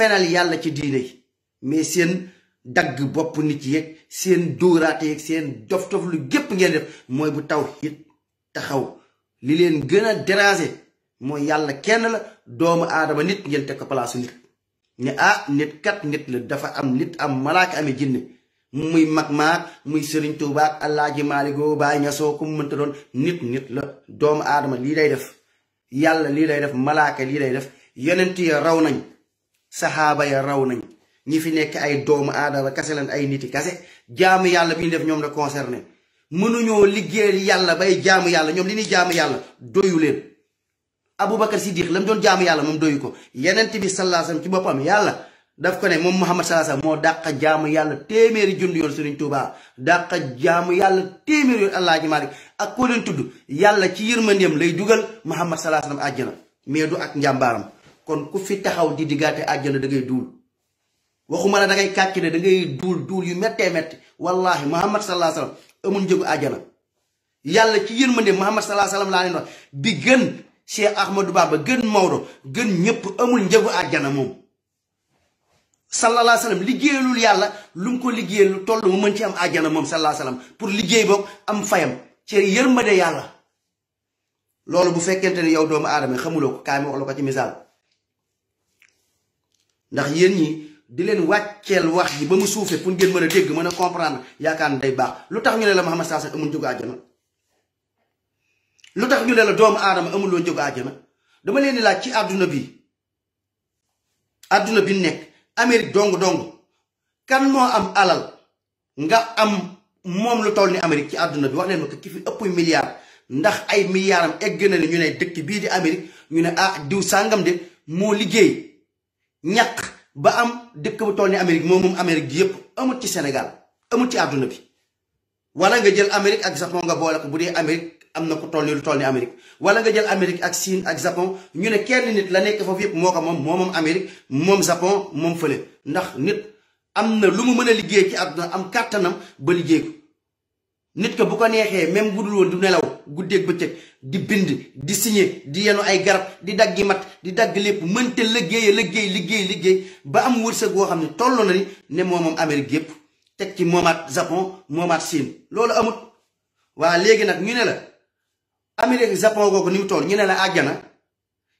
feral yalla ci diine mais seen dagg bopp nit yek seen dóoraate yek seen dof dof lu gep ngeen def moy bu tawhid taxaw li leen gën déranger moy yalla kenn la doomu adama nit ngeen tek place nit ne a nit kat nit la dafa am nit am malaaka am jinn muy mag maag muy sëriñ tuubaak maligo bay baay ñasoo mën ta doon nit nit la doomu adama li lay def yalla li lay def malaaka li lay def yonent yi raw nañ saxaaba ya raw nañ ñi fi nekk ay doomu aadama kase lan ay niti kase jaamu yàlla bi ñu def ñoom la concerné mënuñoo liggéeyal yàlla bay jaamu yàlla ñoom li ñuy jaamu yàlla doyu leen aboubacar siddiq la mu doon jaamu yàlla moom doyu ko yenent bi sallallahu ci boppam yàlla daf ko ne moom muhammad sallallahu alayhi wasallam moo dàqa jaamu yàlla téeméeri junni yoon sëriñ tuubaa dàqa jaamu yàlla téeméeri yoon allaaji malik ak koo leen tudd yàlla ci yërmandeem lay dugal muhammad sallallahu alayhi wasallam àjjana mais du ak njàmbaaram kon ku fi taxaw di diggaate àjjana da ngay duul waxuma la dangay ngay kàcc ne da duul duul yu méttee métti wallahi muhammad sallallahu amul njëgu àjjana yàlla ci yërmande muhammad sallallahu alayhi wa sallam laa leen wax bi gën gën Maodo gën ñëpp amul njëgu àjjana moom. sallallahu alayhi liggéeyalul yàlla lu mu ko liggéeyal lu toll mu mën ci am àjjana moom sallallahu pour liggéey boog am fayam ci yërmande yàlla. loolu bu fekkente ne yow doomu aadama xamuloo ko kaay wax la ko ci misaal. ndax yéen ñi di leen wàcceel wax ji ba mu suufee pour ngeen mën a dégg mën a comprendre yaakaar day baax lu tax ñu ne la Muhammad saa sax amul jóg àjjana lu tax ñu ne la doomu aadama amuloo jóg àjjana dama leen di laaj ci àdduna bi àdduna bi nekk Amérique dong-dong kan moo am alal nga am moom lu toll ni Amérique ci àdduna bi wax leen ma ki fi ëpp milliard ndax ay milliardam egg na ne ñu ne dëkk bii di Amérique ñu ne ah diw sàngam de moo liggéey ñaq ba am dëkk bu toll ni Amérique moom moom Amérique gi yëpp amul ci Sénégal amul ci àdduna bi wala nga jël Amérique ak Japon nga boole bu dee Amérique am na ko toll lu toll ni Amérique wala nga jël Amérique ak Chine ak Japon ñu ne kenn nit la nekk foofu yëpp moo ko moom moo moom Amérique moom Japon moom fële ndax nit am na lu mu mën a liggéey ci àdduna am kàttanam ba liggéey ko Netke boukwa niye kye, menm gudlou di bne la wou, gudde k betek, di bindi, di sinye, di yano ay garp, di dagge mat, di dagge le pou, menten le geye, le geye, le geye, le geye, ba amwil se gwa hamne, ton lon re, ne mwaman Ameri gey pou, tek ki mwaman Zapon, mwaman Sien, lolo amout. Wa, le genak, mwine la, Ameri Zapon wakon ni mwiton, mwine la agyana,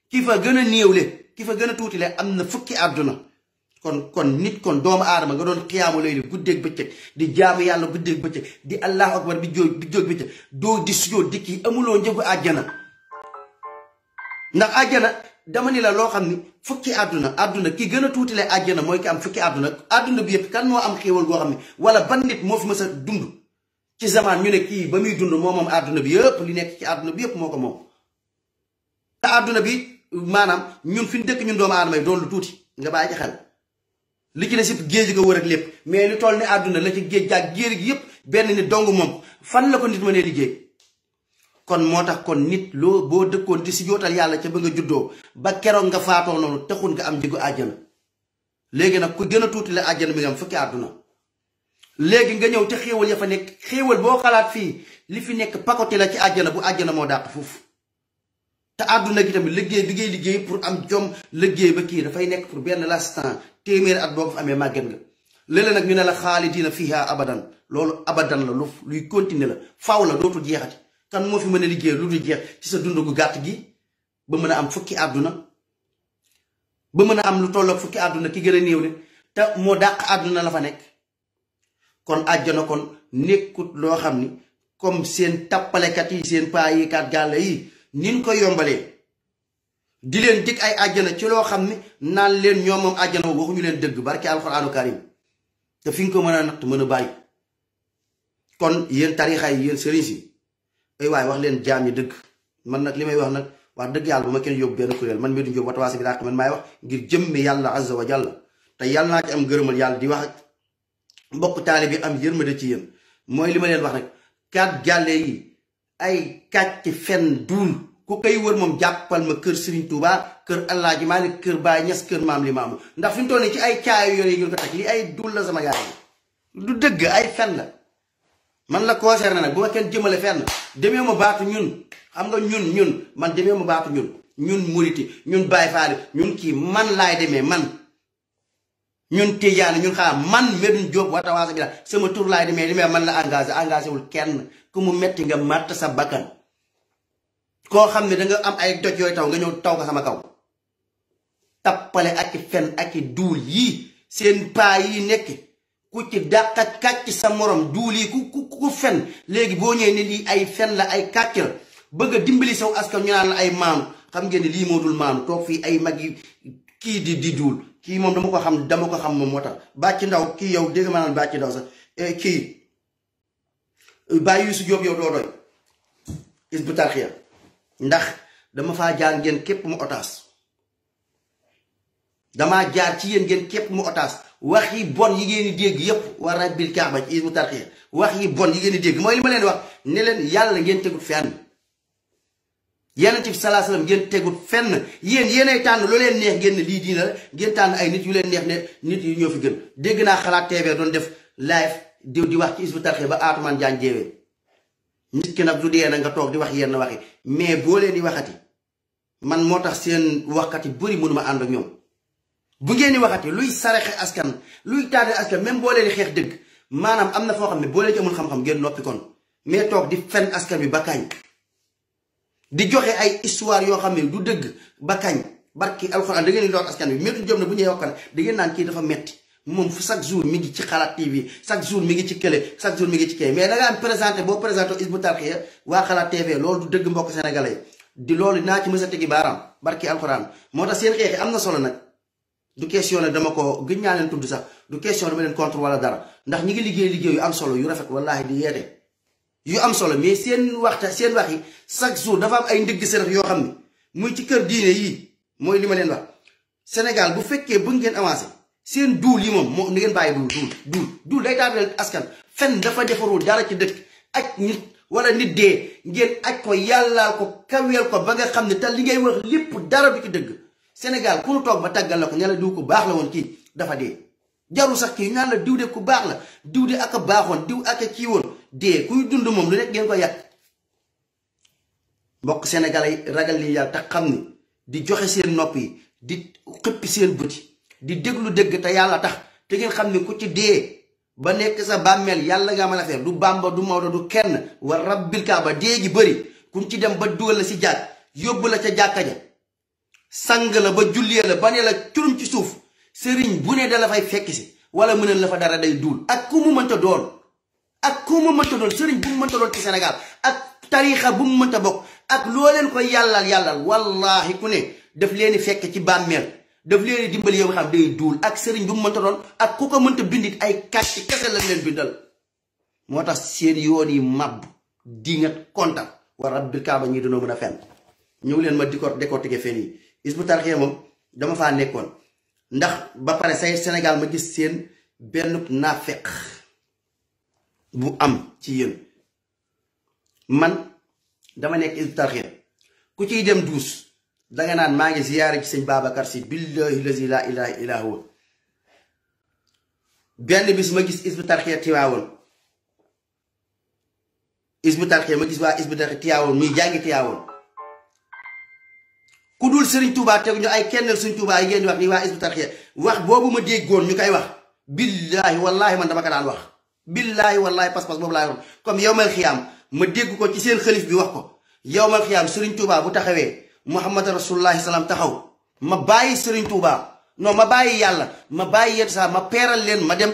kifa gwenne niye wale, kifa gwenne toutile, amne fuki adwana. kon kon nit kon doomu aadama nga doon xiyaamu layli guddeeg bëccëg di jaamu yàlla guddeeg bëccëg di allahu akbar di jóog di jóog bëccëg doo di sujoo dikk yi amuloo njëgu àjjana ndax àjjana dama ni la loo xam ni fukki àdduna àdduna ki gën a tuutile àjjana mooy ki am fukki àdduna àdduna yëpp kan moo am xéewal goo xam ne wala ban nit moo fi mës a dund ci zamaan ñu ne kii ba muy dund moo moom àdduna bi yëpp li nekk ci àdduna bi yëpp moo ko moom te àdduna bi maanaam ñun fi ñu dëkk ñun doomu aadama yi doon lu tuuti nga bàyyi ci xel li ci des it géej ga wër ak lépp mais lu toll ni àdduna la ci géej gaag géer gi yëpp benn ni dong moom fan la ko nit mënee liggéey kon moo tax kon nit loo boo dëkkoon di si jootal yàlla ci ba nga juddoo ba keroog nga faatoo noonu taxul nga am njëgu àjjana léegi nag ku gën a tuuti la àjjana mi nga am fukki léegi nga ñëw te xéewal ya fa nekk xéewal boo xalaat fii li fi nekk pakoti la ci àjjana bu àjjana moo dàq foofu te àdduna gi tamit liggéey bi ngay liggéey pour am jom liggéey ba kii dafay nekk pour benn l'instant téeméeri at boo ko fi amee màgget nga léeg nag ñu ne la xaalidiina fiha abadan loolu abadan la lu luy continuer la faw la dootul jeexati kan moo fi mën a liggéey lu dul jeex ci sa dund gu gàtt gi ba mën a am fukki àdduna ba mën a am lu tolloog fukki àdduna ki gën a néew de te moo dàq àdduna la fa nekk kon àjjana kon nekkut loo xam ni comme seen tappalekat yi seen paayi kat gàlla yi nin ko yombalee di leen dig ay àjjana ci loo xam ni naan leen ñoom moom àjjana waxuñu leen dëgg barke alxuraanu karim te fi nga ko mën a natt mën a bàyyi kon yéen tarixa yi yéen sëriñ si ay waaye wax leen jaam yi dëgg man nag li may wax nag wax dëgg yàlla bu ma kenn yóbbu benn kuréel man mii du jóob watawaasi wax ngir jëmmi yàlla azza wa jalla te yàlla naa am gërëmal yàlla di wax mbokk taalibe bi am yërmande ci yéen mooy li ma leen wax nag kat gàlle yi ay kàcc fen duul ku koy wër moom jàppal ma kër Serigne Touba kër Alaaji Maalik kër Baay Ñas kër Maam Limaamu ndax fi mu toll nii ci ay caayu yore yi yu ko takk li ay dul la sama gaay du dëgg ay fen la man la concerné nag bu ma kenn jëmale fenn demee ma baatu ñun xam ñun ñun man demee ma baatu ñun ñun muriti ñun Baay Faal ñun kii man laay demee man ñun Tijaani ñun xaar man Medoune Diop Watawasaw bi la sama tur laay demee demee man la engagé engagé wul kenn ku mu metti nga màtt sa bakkan koo xam ne danga am ay doj yooyu taw nga ñëw taw ko sama kaw tappale ak fen ak duul yii seen paa yi nekk ku ci dàqat kàcc sa morom duul yi ku ku ku fen léegi boo ñëwee ne lii ay fen la ay kàcc la bëgg a dimbali saw askan ñu naan la ay maanu xam ngeen ne lii moo dul maanu toog fii ay mag yi kii di di duul kii moom dama ko xam dama ko xam moom moo tax bàcc ndaw kii yow dégg ma naan bàcc ndaw sax eh, kii bàyyi su jóob yow doo doy is bu tarxiya ndax dama faa jaar ngeen képp mu otaas damaa jaar ci yéen ngeen képp mu otaas wax yi bon yi ngeen di dégg yëpp war na bil kaaba ci ismu tarxiya wax yi bon yi ngeen di dégg mooy li ma leen wax ne leen yàlla ngeen tegut fenn yonent bi salaa salaam ngeen tegut fenn yéen yéenay tànn lu leen neex ngeen lii diina la ngeen tànn ay nit yu leen neex ne nit yu ñoo fi gën dégg naa xalaat TV doon def live diw di wax ci ismu tarxiya ba Atoumane Diagne jeewee nit ki nag du dee na nga toog di wax yenn waxi mais boo leen di waxati man moo tax seen waxkat yi bëri mënuma ànd ak ñoom bu ngeen di waxati luy saraxe askan luy taate askan même boo leen di xeex dëgg maanaam am na foo xam ne boo leen ci amul xam-xam ngeen noppi kon mais toog di fen askan bi ba kañ di joxe ay histoire yoo xam ne du dëgg ba kañ barki alxuraan da ngeen di lor askan bi métti jom na bu ñuy wax da ngeen naan kii dafa metti moom fu chaque jour mi ngi ci xalaat TV chaque jour mi ngi ci kële chaque jour mi ngi ci boo présenté Hizbut Tarqiyyah waa xalaat TV loolu du dëgg mbokk sénégalais di loolu naa ci mës a tegi baaraam am na solo nag du question ne dama ko gën ñaa leen sax du question dama leen contre wala dara ndax ñi ngi liggéey liggéey solo yu rafet wallaahi di yeete yu am solo mais seen waxta seen wax yi chaque jour dafa am ay ndëgg sërëx yoo xam ne muy ci kër diine yii mooy li ma leen wax Sénégal bu fekkee bëgg ngeen avancé seen duul yi moom moo ngeen bàyyi duul duul duul duul day daal askan fen dafa defarul dara ci dëkk aj nit wala nit dee ngeen aj ko yàllaa ko kawel ko ba nga xam ne te li ngay wax lépp dara du ci dëgg Sénégal ku toog ba tàggal la ko ña la diw ko baax la woon kii dafa dee jaru sax kii ñaan la diw de ku baax la diw de ak a baaxoon diw ak a kii woon dee kuy dund moom lu nekk ngeen ko yàq mbokk sénégalais ragal li yàlla te xam ni di joxe seen nopp yi di xëppi seen bëti di déglu dëgg te yàlla tax te ngeen xam ne ku ci dee ba nekk sa bàmmeel yàlla nga mën a feer du Bàmba du Maodo du kenn wa rabbil kaaba dee ji bëri kun ci dem ba dugal la si jàkk yóbbu la ca jàkka ja sang la ba jullee la ba ne la curum ci suuf sëriñ bu ne dala fay fekk si wala mu ne la fa dara day duul ak ku mu mënta doon ak ku mu mënta doon sëriñ bu mu mënta doon ci senegal ak tariixa bu mu mënta bokk ak loo leen koy yàllal yàllal wallaahi ku ne daf leen fekk ci bàmmeel daf leen dimbali yow xam day dul ak serigne bu mu mënta doon ak kuko ko mënta bindit ay kàcc kese lañ leen bindal motax seen yoon yi di nga kontaan wa rabbil kaaba ñi dañoo mëna fenn ñew leen ma dikor dekor décortiquer fen yi Hizbut Tarqiyyah dama fa nekkon ndax ba pare say Sénégal ma gis seen benn nafiq bu am ci yeen man dama nekk isbu Tarqiyyah ku ciy dem douce nga nan ma ngi ziyaare ci seigne Babacar si billahi la ilaha illa huwa bis ma gis isbu tarxiya tiwaawoon isbu tarxiya ma gis wa isbu tarxiya tiwaawoon muy jàngi tiwaawoon ku dul sëriñ Touba tegu ñu ay kennel suñ Touba yi ngeen wax ni wa isbu tarxiya wax bobu ma déggoon ñu koy wax billahi wallahi man dama ka daan wax billahi wallahi pass pass bobu la yoon comme yow khiyam ma dégg ko ci seen khalif bi wax ko yow khiyam xiyaam Touba bu taxawé muhammad rasulullahi salaam taxaw ma bàyyi Serigne Touba non ma bàyyi yàlla ma bàyyi yenn saa ma peeral leen ma dem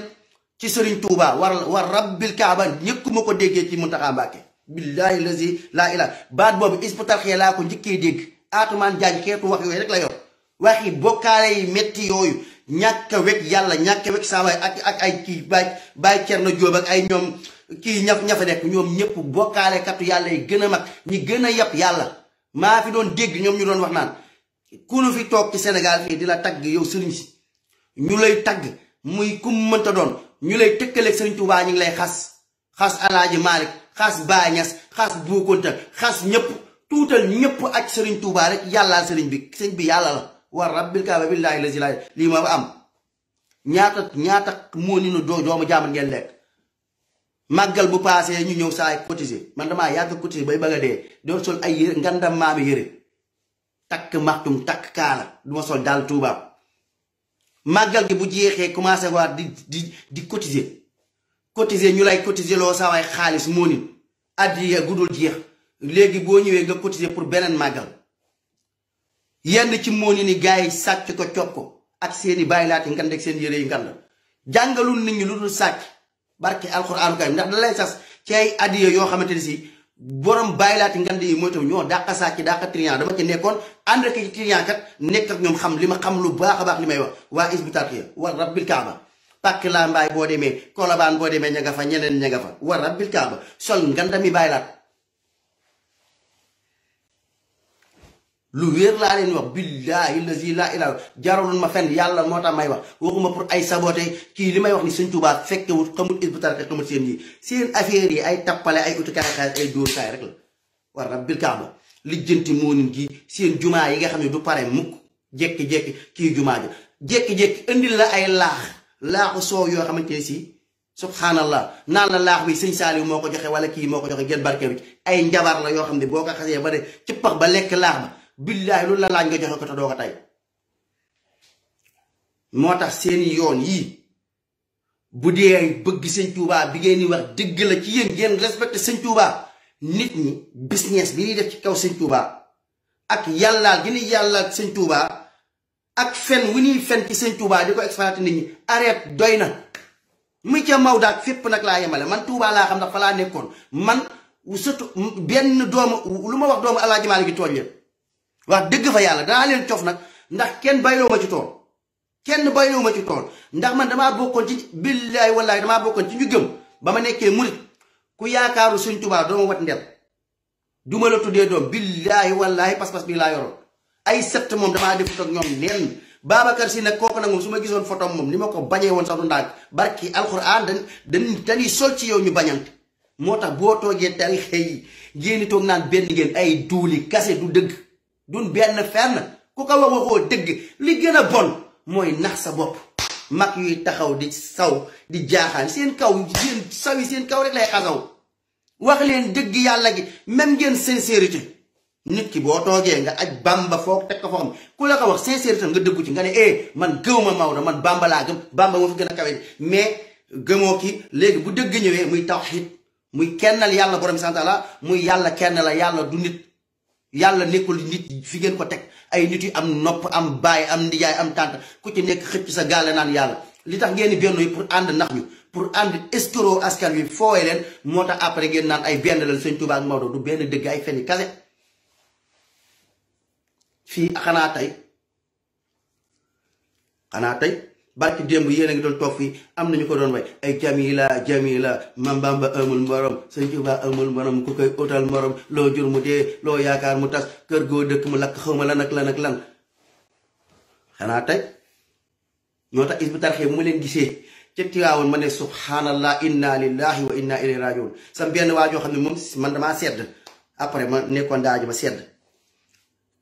ci Serigne Touba war war rabbil kaaba ñëkk ma ko déggee ci Muntaxa Mbàkke billaahi lazi laa ilaa baat boobu isbu tarxee laa ko njëkkee dégg aatumaan jaañ xeetu wax yooyu rek la yor waxi bokkaale yi metti yooyu ñàkk a yàlla ñàkk a weg ak ak ay kii bàyyi bàyyi Cerno Jóob ak ay ñoom kii ñaf ñafa nekk ñoom ñëpp bokkaale katu yàlla yi gën a mag ñi gën a yab yàlla maa fi doon dégg ñoom ñu doon wax naan ku nu fi toog ci senegal fii di la tagg yow sëriñ si ñu lay tagg muy ku mu mënta doon ñu lay tëkkaleeg sëriñ Tuubaa ñu ngi lay xas xas alaaji Malick xas Baay Ñas xas Buukunta xas ñëpp tuutal ñëpp ak sëriñ Tuubaa rek yàllaa sëriñ bi sëñ bi yàlla la war rabbil kaaba billaahi lazi laa lii ma am ñaata ñaata moo ni nu doo doomu jaamat ngeen lekk màggal bu paasee ñu ñëw saa cotiser man damaa yàgg cotiser bay bëgg a dee doon sol ay yére ngandam maami yére takk maxtum takk kaana du ma sol daal tuubaab màggal gi bu jeexee commencé waat di di di cotiser cotiser ñu lay cotiser loo saa waay xaalis moo nit addiya gudul jeex léegi boo ñëwee nga cotiser pour beneen màggal yenn ci moo ni gars yi sàcc ko cop ak seeni bay laati ngandeg seen yére yi ngand jàngalul nit ñi lu dul sàcc barke alxuraanu karim ndax da lay sas ci ay addiya yoo xamante ni si borom bàyyilaati ngand yi mooy tam ñoo dàqa sàcc dàqa trian dama ci nekkoon ànd ak ci trian kat nekk ak ñoom xam li ma xam lu baax a baax li may wax waa isbitar ki wa rabbil kaaba pàkk laa mbaay boo demee kolobaan boo demee ña nga fa ñeneen ña nga fa wa rabbil kaaba sol ngandami bàyyilaat lu wéer laa leen wax billahi lazi laa ilaa jaaraloon ma fen yàlla moo tax may wax waxuma pour ay saboté kii li may wax ni sëñ Tuubaa fekkewut xamul Hizbut Tarqiyyah xamul seen yi seen affaire yi ay tappale ay uti kaay xaalis ay war na bil kaaba lijjanti moo nin seen jumaa yi nga xam ne du pare mukk jékki-jékki kii jumaa ji jékki-jékki indil la ay laax laaxu soow yoo xamante ne si subhanallah naan la laax bi sëñ Saaliw moo ko joxe wala kii moo ko joxee gën barke bi ay njabar la yoo xam ne boo ko xasee ba de ci pax ba lekk laax ba billahi lu la lañ nga joxe ko to do ko tay motax seen yoon yi bu dee bëgg seigne touba bi ngeen wax deug la ci yeen respecté seigne touba nit ñi business bi ni def ci kaw seigne touba ak yalla gi ni ak seigne touba ak fen wu ni fen ci seigne touba diko exploiter nit ñi arrête doyna na mu ca Maodo malam fépp la laa man touba la xam ndax fa la nekkon man surtout ben doomu luma wax doomu aladji malik toñe wax dëgg fa yàlla danaa leen coof nag ndax kenn bayloo ma ci tool kenn bayloo ma ci tool ndax man damaa bokkoon ci billaay wallaay damaa bokkoon ci ñu gëm ba ma nekkee murit ku yaakaaru suñ tubaa dooma wat ndel duma la tuddee doom billaay wallaay pas-pas bi laa yoroon ay sept moom damaa def ak ñoom neen Babacar si nag kooku nag moom su ma gisoon photo moom ni ma ko bañee woon sax du ndànk barki alxuraan dañ dañ dañuy sol ci yow ñu bañante moo tax boo toogee tarixe yi génni toog naan benn ngeen ay duuli kase du dëgg dun benn fenn ku ko wax waxoo dëgg li gën a bon mooy nax sa bopp mag yuy taxaw di saw di jaaxaan seen kaw seen seen kaw rek lay xasaw wax leen dëgg yàlla gi même ngeen sincérité nit ki boo toogee nga aj bamba foog teg ko foo xam ku la ko wax sincérité nga dëggu ci nga ne eh man gëw ma Maodo man bamba laa gëm bamba moo fi gën a kawe mais gëmoo ki léegi bu dëgg ñëwee muy tax tawxiid muy kennal yàlla borom sant muy yàlla kenn la yàlla du nit yàlla nekkul nit fi ngeen ko teg ay nit yu am nopp am baay am ndijaay am tànt ku ci nekk xëcc sa gaale naan yàlla li tax ngeen benn yi pour ànd nax ñu pour ànd escro askan wi foowee leen moo tax après ngeen naan ay benn la sëñ Tuubaa ak Maodo du benn dëgg ay fenn kase fii xanaa tey xanaa tey barki démb yéen a ngi doon toog fii am nañu ko doon way ay jamila jamila mambamba amul morom sëñ Tuubaa amul morom ku koy utal morom loo jur mu dee loo yaakaar mu tas kër goo dëkk mu lakk ma lan ak lan ak lan xanaa tey ñoo tax is bu tarxee mu leen gisee ca Tiwaawoon ma ne subhanallah inna lillahi wa inna ilayhi rajiun sam waajoo xam ne moom man damaa sedd après ma nekkoon daara ma sedd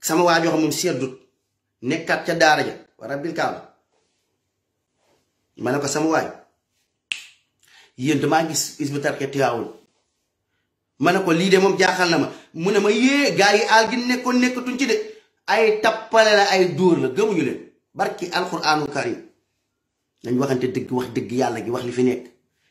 sama waajoo xam nekkaat ca daara ja wa rabbil kaaba ma ne ko sama waay yéen damaa gis Hizbut Tarqiyyah Tivaouane ma ne ko lii de moom jaaxal na ma mu ne ma yee gaa yi àll gi nekkoon nekkatuñ ci de ay tappale la ay dóor la gëmuñu leen barki alquraanu karim dañ waxante dëgg wax dëgg yàlla gi wax li fi nekk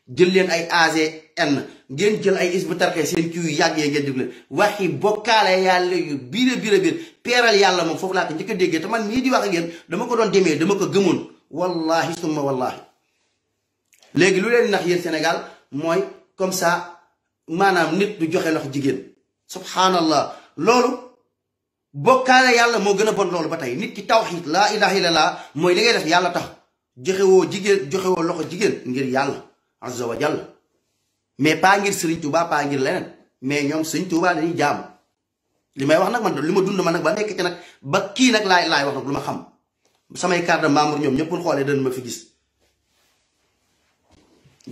jël leen ay AGN ngeen jël ay Hizbut Tarqiyyah seen kii yu yàggee ngeen déglu leen waxi bokkaale yàlla yu biir a biir a biir peeral yàlla moom foofu naa ko njëkk a déggee te man nii di wax ak yéen dama ko doon demee dama ko gëmoon wallahi summa wallahi léegi lu leen nax yéen Sénégal mooy comme sa maanaam nit du joxe loxo jigéen subhanallah loolu bokkaale yàlla moo gën a bon loolu ba tey nit ki taw tawxiid laa ilaha illallah mooy li ngay def yàlla tax joxewoo jigéen joxewoo loxo jigéen ngir yàlla azza wa mais paa ngir sëriñ Tuuba paa ngir leneen mais ñoom sëriñ Tuuba dañuy jaam li may wax nag man li ma dund ma nag ba nekk ci nag ba kii nag laay laay wax nag lu ma xam samay carte de membre ñoom ñëpp xoole xoolee danañ ma fi gis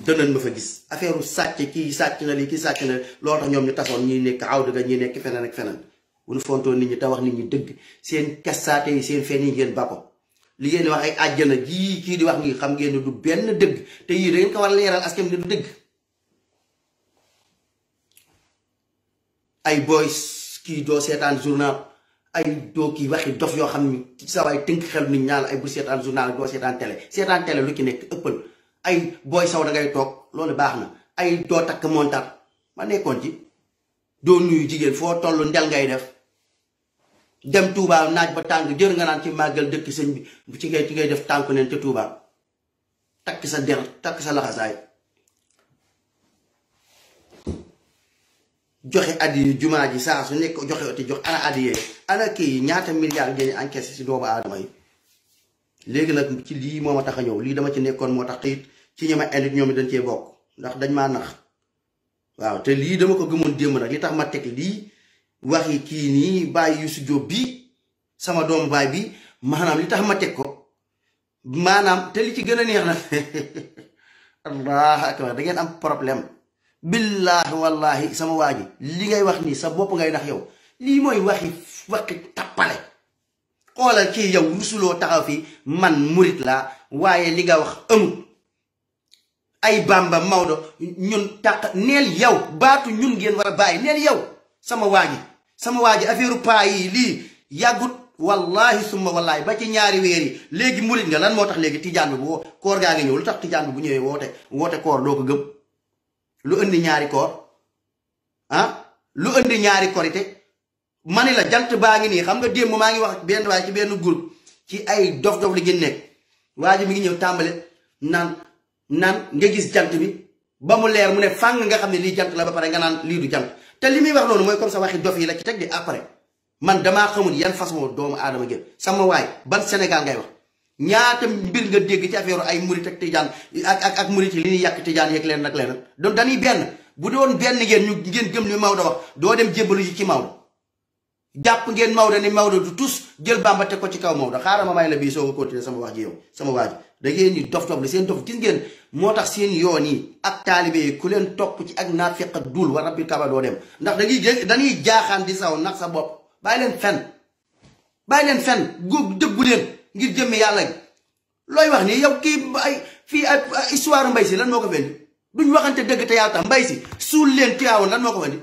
danañ ma fa gis affaire sàcc kii sàcc na lii kii sàcc na loolu tax ñoom ñu tasoon ñi nekk awdu ga ñu nekk feneen ak feneen bu ñu fontoon nit ñi te wax nit ñi dëgg seen kasaate yi seen fen yi ngeen ba ko li ngeen di wax ay àjjana jii kii di wax ngi xam ngeen ne du benn dëgg te yii da ngeen ko war a leeral askan ne du dëgg ay boys kii doo seetaan journal ay ki waxi dof yoo xam ni ci sa waay tënk xel nit ñaan ay bu seetaan journal boo seetaan télé seetaan télé lu ci nekk ëppal ay booy saw da ngay toog loolu baax na ay doo takk montar ma nekkoon ci doo nuyu jigéen foo toll ndel ngay def dem Touba naaj ba tàng jër nga naan ci màggal dëkk sëñ bi ci ngay ci ngay def tànku neen te Touba takk sa der takk sa laxasaay joxe adi juma ji saa su nek joxe oti jox ana addiye ana kii ñaata milliards ngeen encaissé ci doobu aadama yi léegi ci li moma ma tax a dama ci nekkon motax xit ci ñama ma ñomi dañ ci bok ndax dañ ma nax waaw te li dama ko gëmon dem nak li tax ma teg lii waxi ki ni baye Youssou job bi sama dom baye bi manam li tax ma tek ko manam te li ci gëna neex nak allah akbar da ngeen am problème billaahi wallaahi sama waa ji li ngay wax nii sa bopp ngay nax yow lii mooy waxi waxi tappale xoolal ci yow rusuloo taxaw fi man murit laa waaye li nga wax amut ay Bamba Maodo ñun tàq neel yow baatu ñun ngeen war a bàyyi neel yow sama waa ji sama waa ji affaire paa yi lii yàggut wallaahi summa wallaahi ba ci ñaari weer yi léegi murit nga lan moo tax léegi tijaan bi bu koor gaa ngi ñëw lu tax tijaan bi bu ñëwee woote woote koor doo ko gëm lu indi ñaari koor ah lu indi ñaari korite ma ni la jant baa ngi nii xam nga démb maa ngi wax benn waaye ci benn groupe ci ay dof-dof li gën nekk waa ji mi ngi ñëw tàmbale naan naan nga gis jant bi ba mu leer mu ne fàng nga xam ne lii jant la ba pare nga naan lii du jant te li muy wax loolu mooy comme ça waxi dof yi la ci teg di après man damaa xamul yan façon doomu aadama gën sama waay ban Sénégal ngay wax ñaata mbir nga dégg ci affaire ay murit ak tijaan ak ak ak murit yi li ñu yàq tijaan yeeg leen ak leen donc dañuy benn bu doon benn ngeen ñu ngeen gëm ni Maodo wax doo dem ci Maodo jàpp ngeen Maodo ni Maodo du tus jël Bàmba ko ci kaw Maodo xaaral ma may la bii soo ko sama wax ji yow sama waa ji da ngeen ñu dof dof li seen ngeen moo tax seen yoon yi ak taalibe ku leen topp ci ak naafeq ak duul war rabbil kaaba doo dem ndax da ngay dañuy jaaxaan di saw nag sa bopp bàyyi leen fen bàyyi leen fen góob dëggu leen ngir jëmm yàlla gi looy wax nii yow kii ay fii ay histoire mbay si lan moo ko fendi duñ waxante dëgg te yàlla tax mbay si suul leen tuyaawoon lan moo ko fendi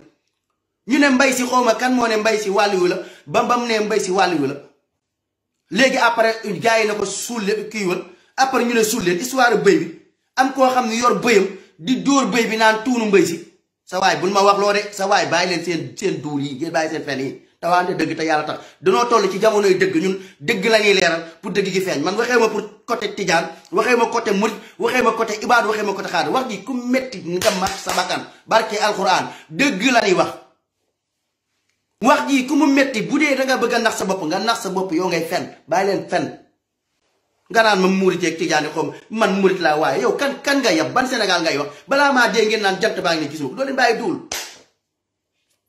ñu ne mbay si xawma kan moo ne mbay si wàlliwu la ba bam ne mbay si wàll wàlliwu la léegi après gars yi na ko suul leen kii wal après ñu ne suul leen histoire bëy bi am koo xam ne yor bëyam di dóor bëy bi naan tuunu mbay si sa waay bu buñ ma wax loo de sa waay bàyyi leen seen seen duul yi ngeen bàyyi seen fen te waa ne dëgg te yàlla tax danoo toll ci jamonoy dëgg ñun dëgg la ñuy leeral pour dëgg gi feeñ man waxee ma pour côté tijaan waxee ma côté murit waxee ma côté ibaad waxee ma côté xaar wax ji ku metti nga mat sa bakkan barke alquran dëgg la ñuy wax wax jii ku mu metti bu dee da nga bëgg a nax sa bopp nga nax sa bopp yow ngay fen bàyyi leen fen nga naan ma murit ak tijaani xom man murit laa waaye yow kan kan nga yab ban Sénégal ngay wax balaa maa dee ngeen naan jant baa ngi ne gisuma ko doo leen duul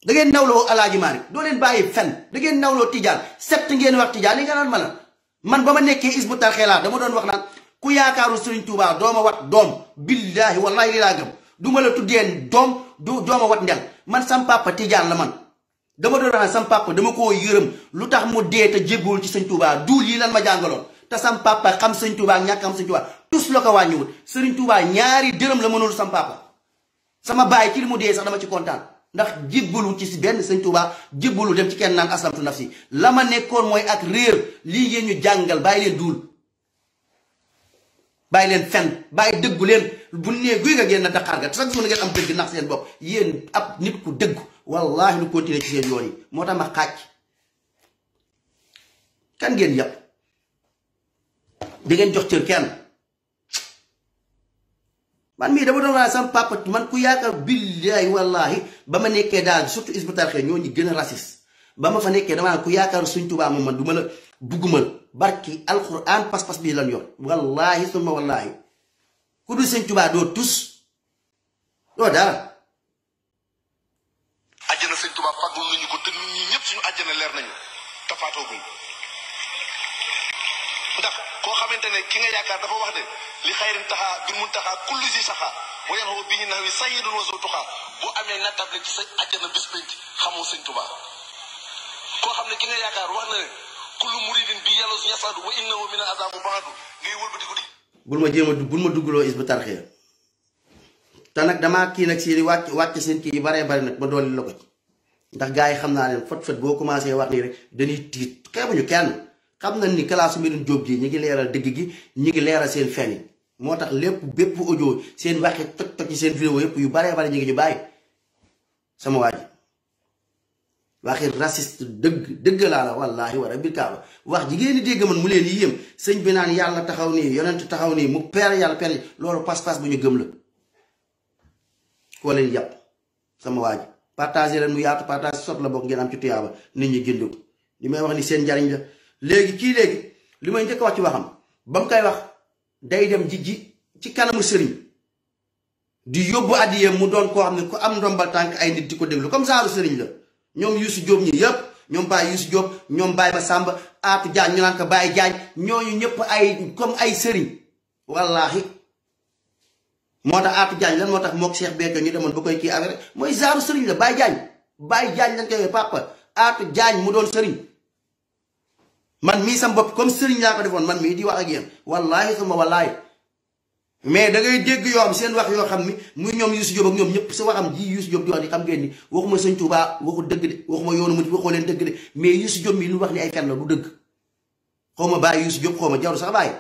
da ngeen nawloo alaaji Maalik doo leen bàyyi fen da ngeen nawloo tijaan sept ngeen wax tijaan yi nga naan man la man ba ma nekkee isbu tarxeelaa dama doon wax naan ku yaakaaru Sëriñ Tuubaa dooma wat doom billaahi wallaahi li laa gëm du ma la tuddeen doom du dooma wat ndel man sam papa tijaan la man dama doon wax naan sam dama koo yërëm lu tax mu dee te jéggool ci Sëriñ Tuubaa duul yi lan ma jàngaloon te sam papa xam Sëriñ Tuubaa ak ñàkk xam Sëriñ Tuubaa tus la ko wàññiwul Sëriñ Tuubaa ñaari dërëm la mënul sam sama baay ci li mu dee sax dama ci kontaan ndax jébbalu ci si benn sëñ Touba jébbalu dem ci kenn naan aslamtu nafsi la ma nekkoon mooy ak réer lii ngeen ñu jàngal bàyyi leen duul bàyyi leen fen bàyyi dëggu leen bu nee guy nga génn daqaar ga sax mën ngeen am dëgg nax seen bopp yéen ab nit ku dëggu wallahi nu continuer ci seen yoon yi moo tax ma xaaj kan ngeen yàpp di ngeen jox cër kenn man mii dama doon raay sama papa man ku yaakaar billahi wallahi ba ma nekkee daal surtout Hizbut Tarqiyyah ñoo ñu gën a raciste ba ma fa nekkee damaa ko yaakaar suñ Tuubaa moom man du ma la bugguma barki alquran pas-pas bii lan yor wallahi suma wallahi ku dul suñ Tuubaa doo tus doo dara. àjjana suñ Tuubaa fàggul nañu ko te nit ñi suñu àjjana leer nañu tafaatoo guñ ndax. koo xamante ne ki nga yaakaar dafa wax ne li xayrin taxaa bir mun taxaa kullu si saxaa wayen xoo bi ñu bu amee nattable ci sa àjjana bis pénc xamoo koo xam ne ki nga yaakaar wax na ne kullu muridin bi yàlla yasadu wa innahu min azabu baadu ngay wëlbati ko di bul ma jéem a ma duggloo is bu tarxiya te nag damaa kii nag si wàcc wàcc seen kii yu baree bari nag ma dooli la ko ci ndax gars yi xam naa ne fot fot boo commencé wax nii rek dañuy tiit xeebuñu kenn xam nga ni classe mbirum job ji ñi ngi leral dëgg gi ñi ngi leral seen fen motax lepp bepp audio seen tok tok ci seen vidéo yëpp yu baree bare ñi ngi ñu bay sama waji waxe raciste dëgg dëgg la la wallahi wa rabbil kaaba wax ji ngeen di dégg man mu leen yéem señ bi naan yalla taxaw ni yonent taxaw ni mu père yalla père lolu pass pass bu ñu gëm la ko leen yapp sama waji partager leen mu yaatu partager sot la bok ngeen am ci tiyaba nit ñi gëndu li may wax ni seen njariñ la léegi kii léegi li may njëkk wax ci waxam ba mu koy wax day dem ji ci kanamu sëriñ di yóbbu addiyeem mu doon koo xam ne ku am ndombal tànk ay nit di ko déglu comme saaru sëriñ la ñoom Youssou Diop ñi yëpp ñoom Baye Youssou Diop ñoom Baye Massamba Aatu Jaañ ñu naan ko Baye Jaañ ñooñu ñëpp ay comme ay sëriñ wallaahi moo tax Aatu Jaañ lan moo tax mook Cheikh Béthio ñu demoon ba koy kii affaire mooy saaru sëriñ la Baye Jaañ Baye Jaañ lañ koy papa Aatu Jaañ mu doon sëriñ man mi sam bop comme serigne laa defone man mi di wax ak yeen wallahi suma wallahi mais da ngay dégg yo am seen wax yo xamni muy ñom yusuf job ak ñom ñep sa waxam ji Youssou Diop di wax ni xam ngeen ni waxuma serigne Touba waxu dëgg de waxuma yoonu mu waxo len dëgg de mais yusuf job mi lu wax ni ay fenn la du dëgg xaw ma bàyyi Youssou Diop jaru sax bay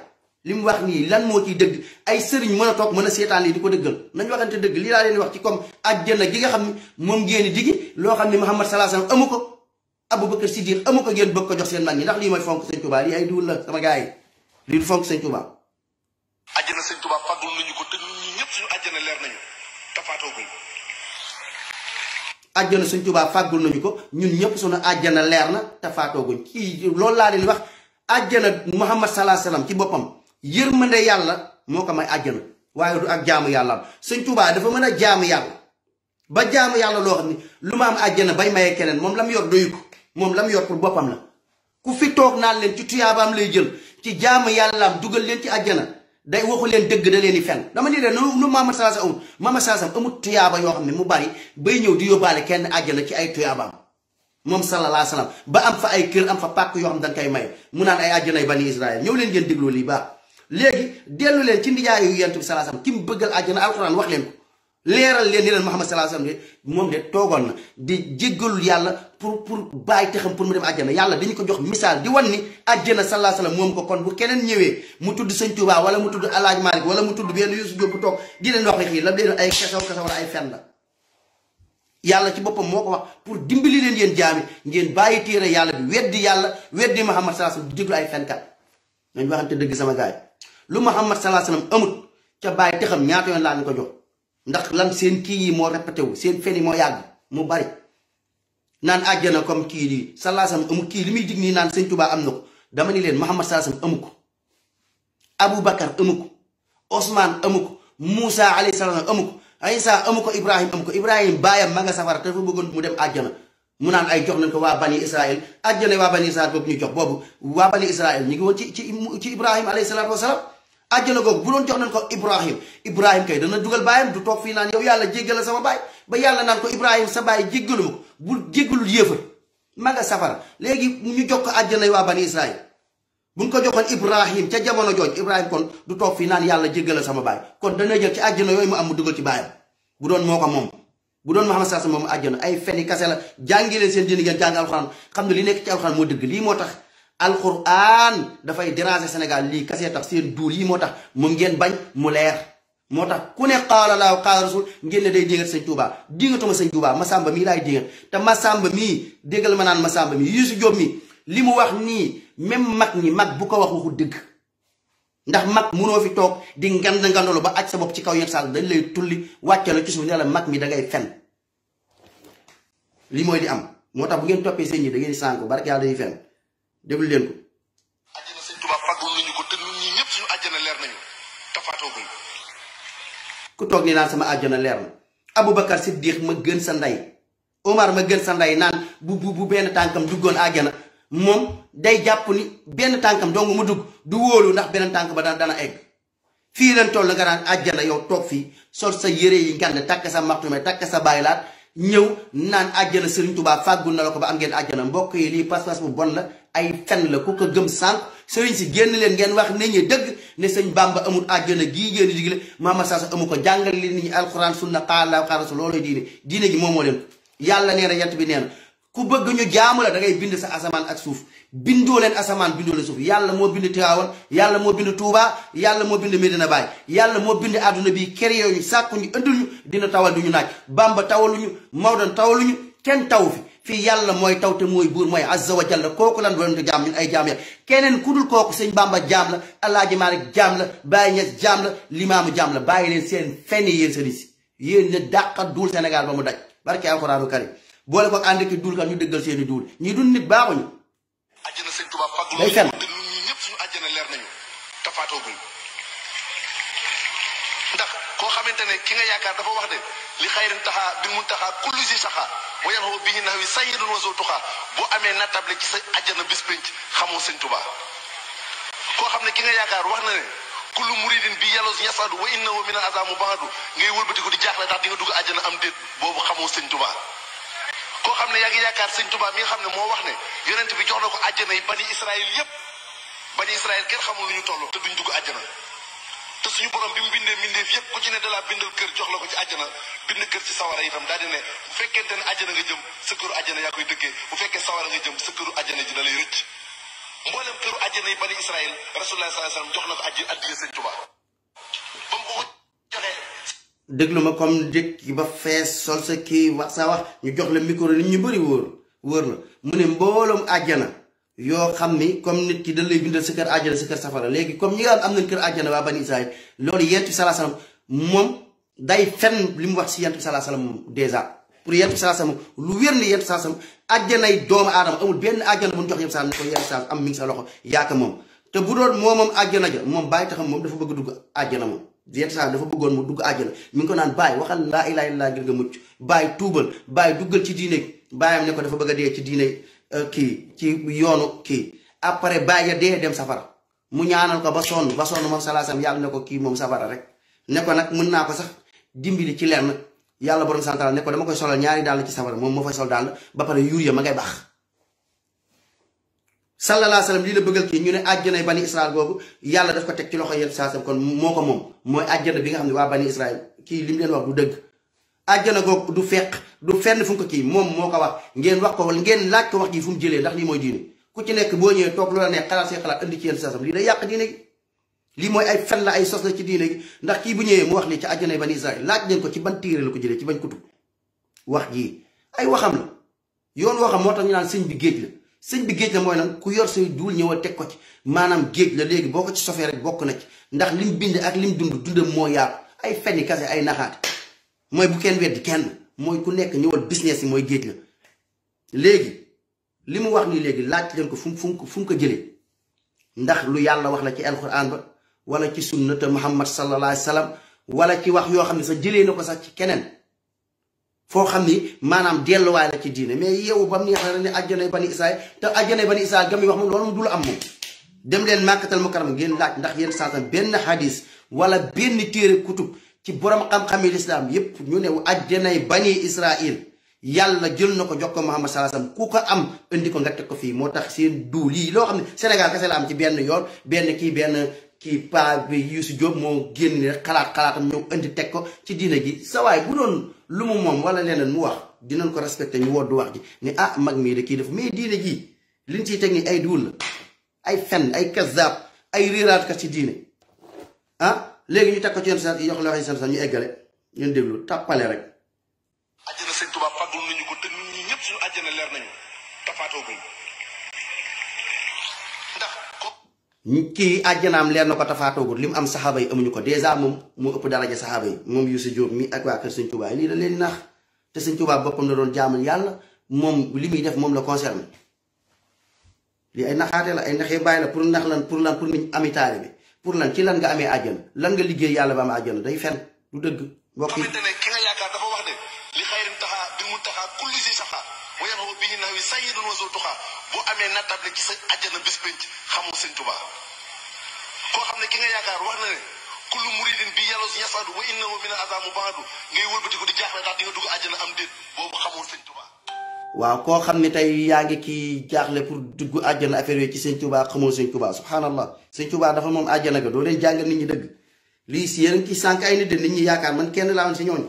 lim wax ni lan mo ci dëgg ay serigne meuna tok meuna setan li diko lii nañ waxante dëgg li la len wax ci comme aljana gi nga xamni mom ngeen di digi lo xamni Muhammad sallallahu alaihi wasallam amuko Aboubacar Siddiq amu ko ngeen bëgg ko jox seen mag ñi ndax lii mooy fonk sëñ Touba lii ay duul sama gars yi lii du fonk sëñ Touba. àjjana sëñ Touba fàggul nañu ko te ñun ñëpp suñu àjjana leer nañu tafaatooguñ ko. àjjana sëñ Touba fàggul nañu ko ñun ñëpp suñu àjjana leer na tafaatooguñ kii loolu laa leen wax àjjana Muhammad salaa salaam ci boppam yërmande yàlla moo ko may àjjana waaye du ak jaamu yàlla sëñ Touba dafa mën a jaamu yàlla ba jaamu yàlla loo xam ne lu ma am àjjana bay maye keneen moom la mu yor doyu ko moom la mu yor pour boppam la ku fi toog naan leen ci tuyaabaam lay jël ci jaamu yàllaam dugal leen ci àjjana day waxu leen dëgg da leen di fen dama ni de nu nu Mamadou Salassa amul Mamadou Salassa amul tuyaaba yoo xam ne mu bari bay ñëw di yóbbaale kenn àjjana ci ay tuyaabaam moom sallallahu alayhi wa sallam ba am fa ay kër am fa pàkk yoo xam dañ koy may mu naan ay àjjanay bani Israël ñëw leen ngeen déglu lii baax léegi dellu leen ci ndijaayu yent bi sallallahu alayhi mu bëggal àjjana alxuraan wax leen leeral leen di leen Muhammad sallallahu alayhi wasallam de moom de toogoon na di jéggalul yàlla pour pour bàyyi taxam pour mu dem àjjana yàlla dañu ko jox misaal di wan ni àjjana sallallahu alayhi wasallam moom ko kon bu keneen ñëwee mu tudd Sëñ Tuubaa wala mu tudd Alaaj Maalik wala mu tudd benn Yuusu Jóob bu toog di leen wax ne xii la leen ay kesaw kesaw wala ay fen la yàlla ci boppam moo ko wax pour dimbali leen yéen jaami ngeen bàyyi téere yàlla bi weddi yàlla weddi Muhammad sallallahu alayhi wasallam di ay fenkat nañ waxante dëgg sama gaay lu Muhammad sallallahu alayhi wasallam amut ca bàyyi taxam ñaata yoon laa ñu ko jox ndax lan seen ki yi mo répété wu seen fen yi moo yàgg mu bari naan àjjana comme kii di salaasam amu kii li muy dig nii naan sëñ Tuubaa am na ko dama ni leen Muhammad salaasam amu ko Aboubacar amu ko osman amu ko Moussa alayhi salaam amu ko Aïssa amu ko Ibrahim amu ko Ibrahim bayam ma nga safar te dafa bëggoon mu dem àjjana mu naan ay jox nañ ko waa bani Israël àjjana waa bani Israël boobu ñu jox boobu waa bani Israël ñu ngi woon ci Ibrahim alayhi salaatu wasalaam àjjana googu bu doon jox nañ ko Ibrahim Ibrahim kay dana dugal baayam du toog fii naan yow yàlla jéggala sama baay ba yàlla naan ko Ibrahim sa baay jéggalu ma ko bu jéggalul yéefar ma nga safara léegi ñu jox ko àjjanay waa bani Israël bu ñu ko joxoon Ibrahim ca jamono jooj Ibrahim kon du toog fii naan yàlla jéggala sama baay kon dana jël ci àjjana yooyu mu am mu dugal ci baayam bu doon moo ko moom bu doon Muhammad sallallahu alayhi wasallam moom àjjana ay feni kase la jàngi leen seen diine ngeen jàng alxuraan xam ne li nekk ci alxuraan moo dëgg lii moo tax alquran dafay déranger senegal lii kasee tax seen duul yi moo tax moom ngeen bañ mu leer moo tax ku ne qaala laahu qaala rasul ngeen ne day dingat sëñ Tuubaa dingatuma sëñ Tuubaa Masamba mii laay dingat te sàmba mii déggal ma naan Masamba mii Yuusu Jóob mi li mu wax nii même mag ñi mag bu ko wax waxu dëgg ndax mag munoo fi toog di ngand ngandalu ba aj sa bopp ci kaw yenn saal dañ lay tulli wàcce la ci suuf ne la mag mi da ngay fen li mooy di am moo tax bu ngeen toppee sëñ yi ngeen sànku barke yàlla day déglu leen ko. àjjana sëñ Tuubaa fàggul nañu ko te ñun ñii suñu àjjana leer nañu tafaatooguñ ko. ku toog ni naan sama àjjana leer na Aboubacar Siddiq ma gën sa ndey Omar ma gën sa ndey naan bu bu bu benn tànkam duggoon àjjana moom day jàpp ni benn tànkam dong mu dugg du wóolu ndax beneen tànk ba dana dana egg. fii leen toll nga naan àjjana yow toog fii sol sa yére yi ngand takk sa maxtume takk sa bàyyilaat ñëw naan àjjana Serigne Touba fàggul na la ko ba am ngeen àjjana mbokk yi lii pas-pas bu bon la. ay fen la ku ko gëm sànq sëriñ si génn leen ngeen wax nit ñi dëgg ne sëñ Bamba amul àjjana gii génn digle maama saa amu ko jàngal leen nit ñi alxuraan sunna xaala xaarasu loolooy diine diine gi moomoo leen yàlla nee na yett bi nee ku bëgg ñu jaamu la da bind sa asamaan ak suuf bindoo leen asamaan bindoo leen suuf yàlla moo bind Tiwaawan yàlla moo bind Touba yàlla moo bind Medina Baay yàlla moo bind àdduna bi kër yooyu ñu sàkku ñu ëndul dina tawal du ñu naaj Bamba tawaluñu Maodo tawaluñu kenn taw fi fii yàlla mooy taw te mooy buur mooy azza kooku lan doonte jaam ay jaam ya keneen ku dul kooku sëñ Bamba jaam la Alaaji Maalik jaam la limaamu jaam la bàyyi leen seen fenn yéen sëriñ si yéen ña dàqa duul Sénégal ba mu daj barke alxuraanu karim boole ko ànd ki duul kan ñu dëggal seeni duul ñi dun nit baaxuñu àjjana sëñ Tuubaa fag day fenn ñëpp suñu àjjana leer nañu tafaatooguñ ndax koo xamante ne ki nga yaakaar dafa wax de li xayrin taxaa bi mun taxaa kullu si wa yan xaw nax wi sayyidun wa zu tuqaa boo amee nattable ci sa àjjana bis xamoo sëñ Tuubaa koo xam ne ki nga yaakaar wax na ne kullu muridin bi yàlla yasadu wa innahu min azamu bahadu ngay wëlbati ko di jaaxle ndax di nga dugg àjjana am déet boobu xamoo sëñ Tuubaa koo xam ne yaa ngi yaakaar sëñ Tuubaa mi nga xam ne moo wax ne yonent bi jox na ko àjjana yi bani Israël yépp bani Israël kenn xamul lu ñu toll te duñ dugg àjjana te suñu borom bi mu bindé mbindeef yépp ku ci né da la bindal kër jox la ko ci aljana bind kër ci sawara itam dal di né bu fekkente ne aljana nga jëm sa kër aljana yaa koy dëggee bu fekké sawara nga jëm sa kër aljana ji dalay rëcc mbolam kër aljana yi bani israël rasulullah sallallahu alayhi wasallam jox na ko àjji addiye ya sëñ Tuubaa ma comme njëkk ba fess sol sa ki wax sa wax ñu jox le micro nit ñu bari wóor wóor la mune ne aljana yoo xam ni comme nit ki dañ lay bindal sa kër àjjana sa kër safara léegi comme ñi nga am am nañ kër àjjana waa bani Israël loolu yent bi moom day fenn li mu wax si yent bi salaa salaam moom dèjà pour yent bi salaa salaam lu wér ni yent bi salaa salaam àjjanay doomu aadama amul benn àjjana bu jox yent ko yent salaa am mi ngi sa loxo yaaka moom te bu doon moo moom àjjana ja moom bàyyi taxam moom dafa bëgg dugg àjjana moom yent salaa dafa bëggoon mu dugg àjjana mu ngi ko naan bàyyi waxal laa ilaaha illallaah ngir nga mucc bàyyi tuubal bàyyi duggal ci diine bàyyam ne ko dafa bëgg a dee ci diine Euh, kii ci yoonu kii après bàyyi dee dem safara mu ñaanal ko ba sonn ba sonn moom salaasam yàlla ne ko kii moom safara rek ne ko nag mën naa ko sax dimbali ci lenn yàlla borom santal ne ko koy solal ñaari dàll ci safara moom moo fay sol dàll ba pare yuur ngay baax sallallahu alayhi lii la bëggal kii ñu ne àjjana bani israel googu yàlla def ko teg ci loxo yéen saasam kon moo ko moom mooy àjjana bi nga xam ne waa bani israel kii li mu leen wax du dëgg àjjana googu du feq du fenn fu mu ko kii moom moo ko wax ngeen wax ko wala ngeen laaj ko wax ji fu mu jëlee ndax lii mooy diine ku ci nekk boo ñëwee toog ne xalaat see xalaat indi ci yenn saasam lii lii mooy ay fen la ay sos ci diine gi ndax bu ñëwee mu wax ni ci àjjana bani Israël laaj ko ci ban téere la ko jëlee ci bañ kutub wax jii ay waxam la yoon waxam moo tax ñu naan sëñ bi géej la sëñ bi géej la mooy lan ku yor say duul ñëwal teg ko ci maanaam géej la léegi boo ko ci sofee rek bokk na ci ndax lim bind ak lim dund dundam moo yaatu ay fenni kase ay naxaate moy bu kenn wedd kenn moy ku nekk ñëwal business moy géej la léegi limu wax ni léegi laaj leen ko fum fum fum ko jele ndax lu yàlla wax la ci alquran ba wala ci sunnata muhammad sallalahu alayhi wasallam wala ci wax yo xamni sa jele nako sax ci kenen fo xamni manam delu way la ci diine mais yow bam ni neex ni aljana bani Israël te aljana bani Israël gam yi wax moom loolu du la am moom. dem len màkkatal mukarram ngeen laaj ndax yéen saatam ben hadith wala benn téere kutub. ci borom xam-xami lislaam yépp ñu ne ajjanay bani israil yàlla jël na ko jox ko Muhammad sallallahu alayhi wasallam ku ko am indi ko nga teg ko fii moo tax seen du lii loo xam ne Sénégal kese la am ci benn yoon benn kii benn kii pa bi Youssou Diop moo génne xalaat xalaatam ñëw indi teg ko ci diina ji sa waay bu doon lu mu moom wala leneen mu wax dinañ ko respecté ñu woddu wax ji ne ah mag mii de kii def mais diina ji liñ ciy teg ni ay duul la ay fen ay kazaab ay riiraat ka ci diine ah. léegi ñu teg ko ci yenn saa yi jox la waxee ñu eggale ñun déglu tàppale rek. àjjana sëñ Tuubaa fàggul nañu ko te ndax kii àjjanaam leer na ko tafaatoogul li am saxaaba yi ko dèjà moom moo ëpp daraja saxaaba yi moom Youssou Diop mi ak waa kër sëñ Tuubaa lii da leen nax te sëñ Tuubaa boppam la doon jaamu yàlla moom li muy def moom la concerné lii ay naxaate la ay naxee bàyyi la pour nax lan pour nit ami bi. pour lan ci lan nga amee àjjana lan nga liggéey yàlla ba am àjjana day fen du dëgg mbokk yi ki nga yaakaar dafa wax ne li xayrim taxaa bi mu taxaa kulli si saxaa mu yàqu bi ñu naw yi sayi dun wasul tuxaa bu amee nattable ci sa àjjana bés pénc xamoo sëñ tubaa koo xam ne ki nga yaakaar wax na ne kullu muridin bi yàlla si yasaadu wa innahu min azaamu baadu ngay wëlbatiku di jaaxle ndax di nga dugg àjjana am déet boobu xamoo sëñ tubaa waaw koo xam ne tey yaa ngi kii jaaxle pour dugg àjjana affaire yooyu ci sëñ Tuubaa xamoo sëñ Tuubaa subhanallah sëñ Tuubaa dafa moom àjjana ga doo leen jàngal nit ñi dëgg lii si yéen ki sànq ay nit de nit ñi yaakaar man kenn laa woon si ñooñu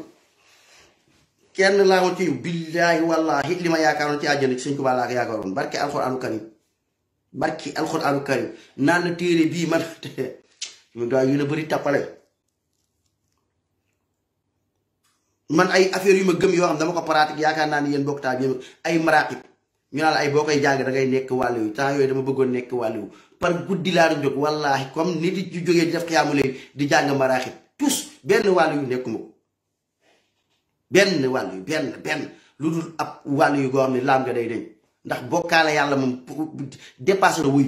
kenn laa woon ci ñu billaahi wallaahi li ma yaakaaroon ci àjjana ci sëñ Tuubaa laa ko yaakaaroon barki alxuraanu karim barki alxuraanu karim naan la téere bii man daa yu la bëri tappale man ay affaire yu ma gëm yo xam dama ko pratique yaaka naan yeen yéen bokk taal yéen ay maraqib ñu naan ay bokay koy jàng da ngay nekk walu ta yoy dama bëggoon nekk walu par guddi la doon jóg wallaahi comme nit di jógee def xiyaamu lay di jàng maraqib tous ben walu yu nekkuma ben walu ben ben benn ab walu yu goo ni lam nga day deñ ndax bokkaale yalla mom dépasser wuy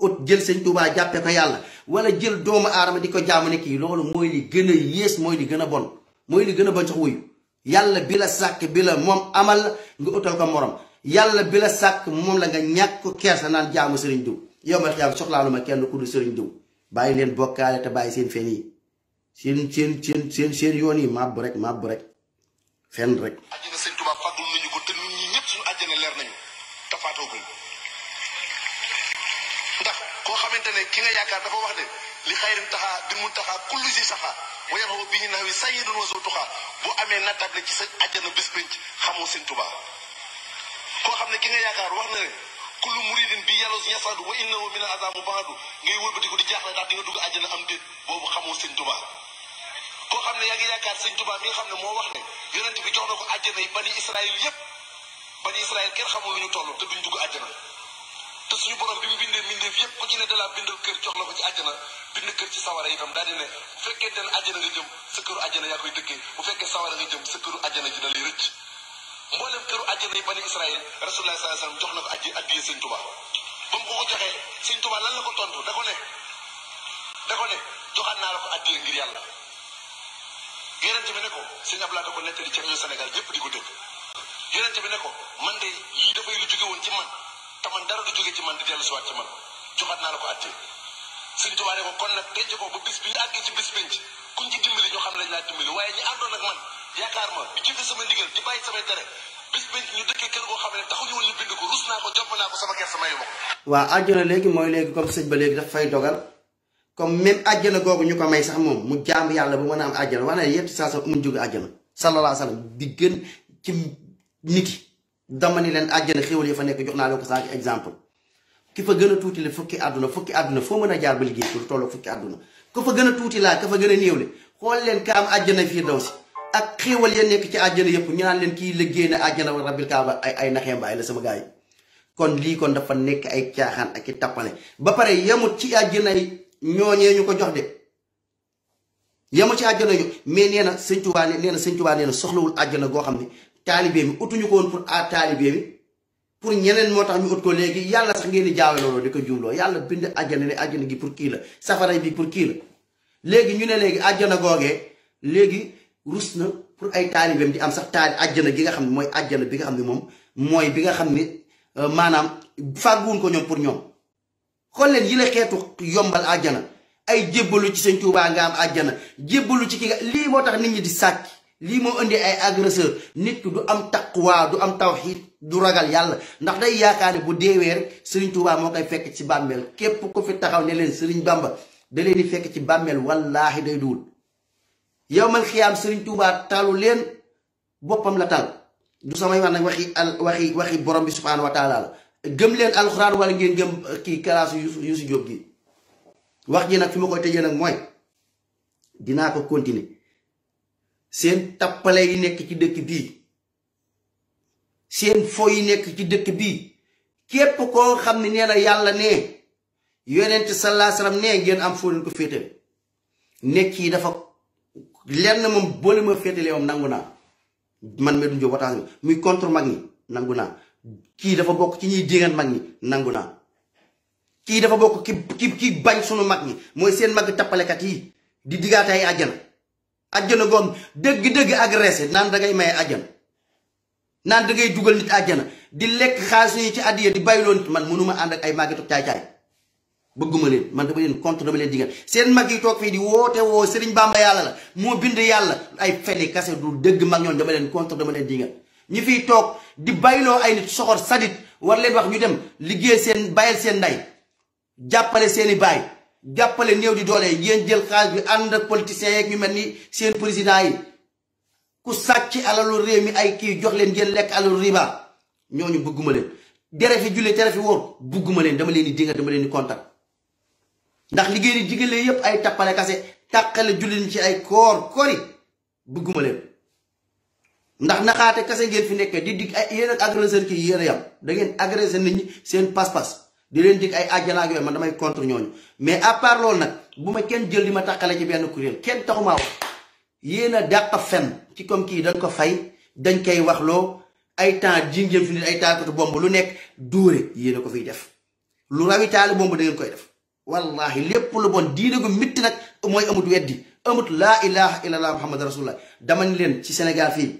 ut jël sëñ touba jappé ko yalla wala jël doomu arama di ko jaamu ne ki loolu mooy li gëna yes moy li gëna bon mooy li gën a bañ sax wuyu yàlla bi la sàkk bi la moom amal nga utal ko morom yàlla bi la sàkk moom la nga ñàkk kersa naan jaamu sëriñ diw yow ma xiyaam soxlaalu ma kenn ku dul sëriñ bàyyi leen bokkaale bàyyi seen fen yi seen seen seen seen seen yoon yi màbb rek rek fen rek. àjjana sëñ ko te ñun ndax koo xamante ne ki nga yaakaar dafa wax de li xayrin taxaa di mun taxaa kullu si saxaa wa yanxaw bihi nahwi sayyidun wa zu tuqaa bu amee natable ci sa àjjana bis pénc xamoo sëñ Tuubaa koo xam ne ki nga yaakaar wax na ne kullu muridin bi yàlla yasadu wa innahu min azamu baadu ngay wëlbatiku di jaaxle ndax di nga dugg àjjana am déet boobu xamoo sëñ Tuubaa koo xam ne yaa ngi yaakaar sëñ Tuubaa mi nga xam ne moo wax ne yonent bi jox na ko àjjana yi bani Israël yépp bani Israël kenn xamul lu ñu toll te duñ dugg àjjana suñu borom bi mu bindee mbindeef yépp ku ci ne dalaa bindal kër jox na ko ci àjjana bind kër ci sawara itam daal di ne bu fekkee den àjjana nga jëm sa këru àjjana yaa koy dëkkee bu fekkee sawara nga jëm sa këru àjjana ji da lay rëcc mboolem këru àjjana yi bani israel rasulullah sallallahu alayhi wasallam jox na ko àjji addiyee sëñ Tuubaa ba mu ko ko joxee sëñ Tuubaa lan na ko tontu da ko ne da ko ne joxaat naa la ko addiyee ngir yàlla yonent bi ne ko sëñ Ablaye da ko nettali ci rajo Sénégal yépp di ko dégg yonent bi ne ko man de yii dafay lu jóge woon ci man te man dara du jóge ci man di dellu si man joxaat naa la ko àttee sëñ Tuubaa ne ko kon nag denc ko ba bis bi àggee ci xam ne di naa ko sama kër sama yóbbu. waaw léegi mooy léegi comme daf fay dogal comme même àjjana googu ñu ko may sax moom mu jaam yàlla bu mën a am saa sa mu jóge gën ci nit dama ni leen àjjana xéwal yi fa nekk jox naa leen ko sànq exemple ki fa gën a tuuti la fukki àdduna fukki àdduna foo mën a jaar ba liggéey lu tolloo fukki àdduna ko fa gën a tuuti laa ka fa gën a néewle xool leen ka am àjjana fii daw si ak xéewal ya nekk ci àjjana yëpp ñu naan leen kii liggéey na àjjana rabbil kaaba ay ay naxee mbaay la sama gars kon lii kon dafa nekk ay caaxaan ak i tappale ba pare yemut ci àjjanay ñooñee ñu ko jox de yemut ci àjjana mais nee na sëñ Tuubaa nee na sëñ Tuubaa nee soxlawul àjjana goo xam ne taalibe mi utuñu ko woon pour aar taalibe mi pour ñeneen moo tax ñu ut ko léegi yàlla sax ngeen di jaawe loolu di ko juumloo yàlla bind àjjana ne àjjana gi pour kii la bi pour kii léegi ñu ne léegi àjjana googee léegi rus na pour ay taalibeem di am sax taali àjjana gi nga xam ne mooy àjjana bi nga xam ne moom mooy bi nga xam ne euh, maanaam fàgguwuñ ko ñoom pour ñoom xool leen yi la xeetu yombal àjjana ay jébbalu ci sëñ Tuubaa nga am àjjana jébbalu ci ki nga lii moo tax nit ñi di sàcc limo mo indi ay agresseur nit ki du am taqwa du am tawhid du ragal yalla ndax day yaakaane bu deewee rek Serigne Touba mo koy fekk ci bammel képp ku fi taxaw ne len Serigne Bamba da len di fekk ci bammel wallahi day dul yow man Serigne Touba talu len bopam la tal du samay wax nak waxi al waxi waxi borom bi subhanahu wa taala la gëm leen alxuraan wala ngeen gëm uh, kii kalaasu yusuf Jóob gi wax ji nak fi koy tëjee nag mooy ko continuer. seen tappale yi nekk ci dëkk bii seen fo yi nekk ci dëkk bii képp koo xam ne nee na yàlla ne yonent sallallahu alayhi wasallam ne ngeen am foo leen ko féetale nekk yi dafa lenn moom boole ma féetale moom nangu naa man Medoune Diop Watax muy contre mag ni nangu naa kii dafa bokk ci ñuy déngan mag ñi nangu naa kii dafa bokk ki ki ki bañ sunu mag ñi mooy seen mag tappalekat yi di diggaate ay aljana gom deug deug agressé nan da ngay may aljana nan da ngay duggal nit aljana di lek xaalis yi ci adiya di baylon nit man munuma and ak ay tok tay tay bëgguma leen man dama leen contre dama leen digal seen magi tok fi di wote wo Serigne Bamba yalla la mo bind yalla ay feli kase du deug mag ñoon dama leen contre dama leen digal ñi fi tok di baylo ay nit soxor sadit war leen wax ñu dem liggéey seen bayal seen nday jappalé seeni baay jappale néew di doole yeen jël xaalis bi and ak politiciens yeeg ñu melni seen président yi ku sàcc alalu réew mi ay ki jox leen ngeen lekk alalu riba ñoñu bëgguma leen dere fi julli tere fi wóor bëgguma leen dama leen di dinga dama leen di contact ndax liggéey ni jigeel yépp ay tappale kase tàqale julli ci ay koor koori bëgguma leen ndax naxaate kase ngeen fi nekk di dig ay yéen ak agresseur ki yéen yam da ngeen agresser nit ñi seen pass pass di leen dig ay àjjana ak yoy man damay contre ñoñu mais à part nag bu ma kenn jël di ma taqale ci benn kuréel kenn taxumaa wax yéen a dàq fen ci comme kii dañ ko fay dañ koy waxloo ay temps jingéem fi nit ay taalkatu bomb lu nekk dóore yéen ko fiy def lu rawitaale bomb da ngeen koy def wallahi lépp lu bon diine gu mitti nag mooy amut weddi amut laa ilaha illallah muhammad rasulullah dama ni leen ci Sénégal fii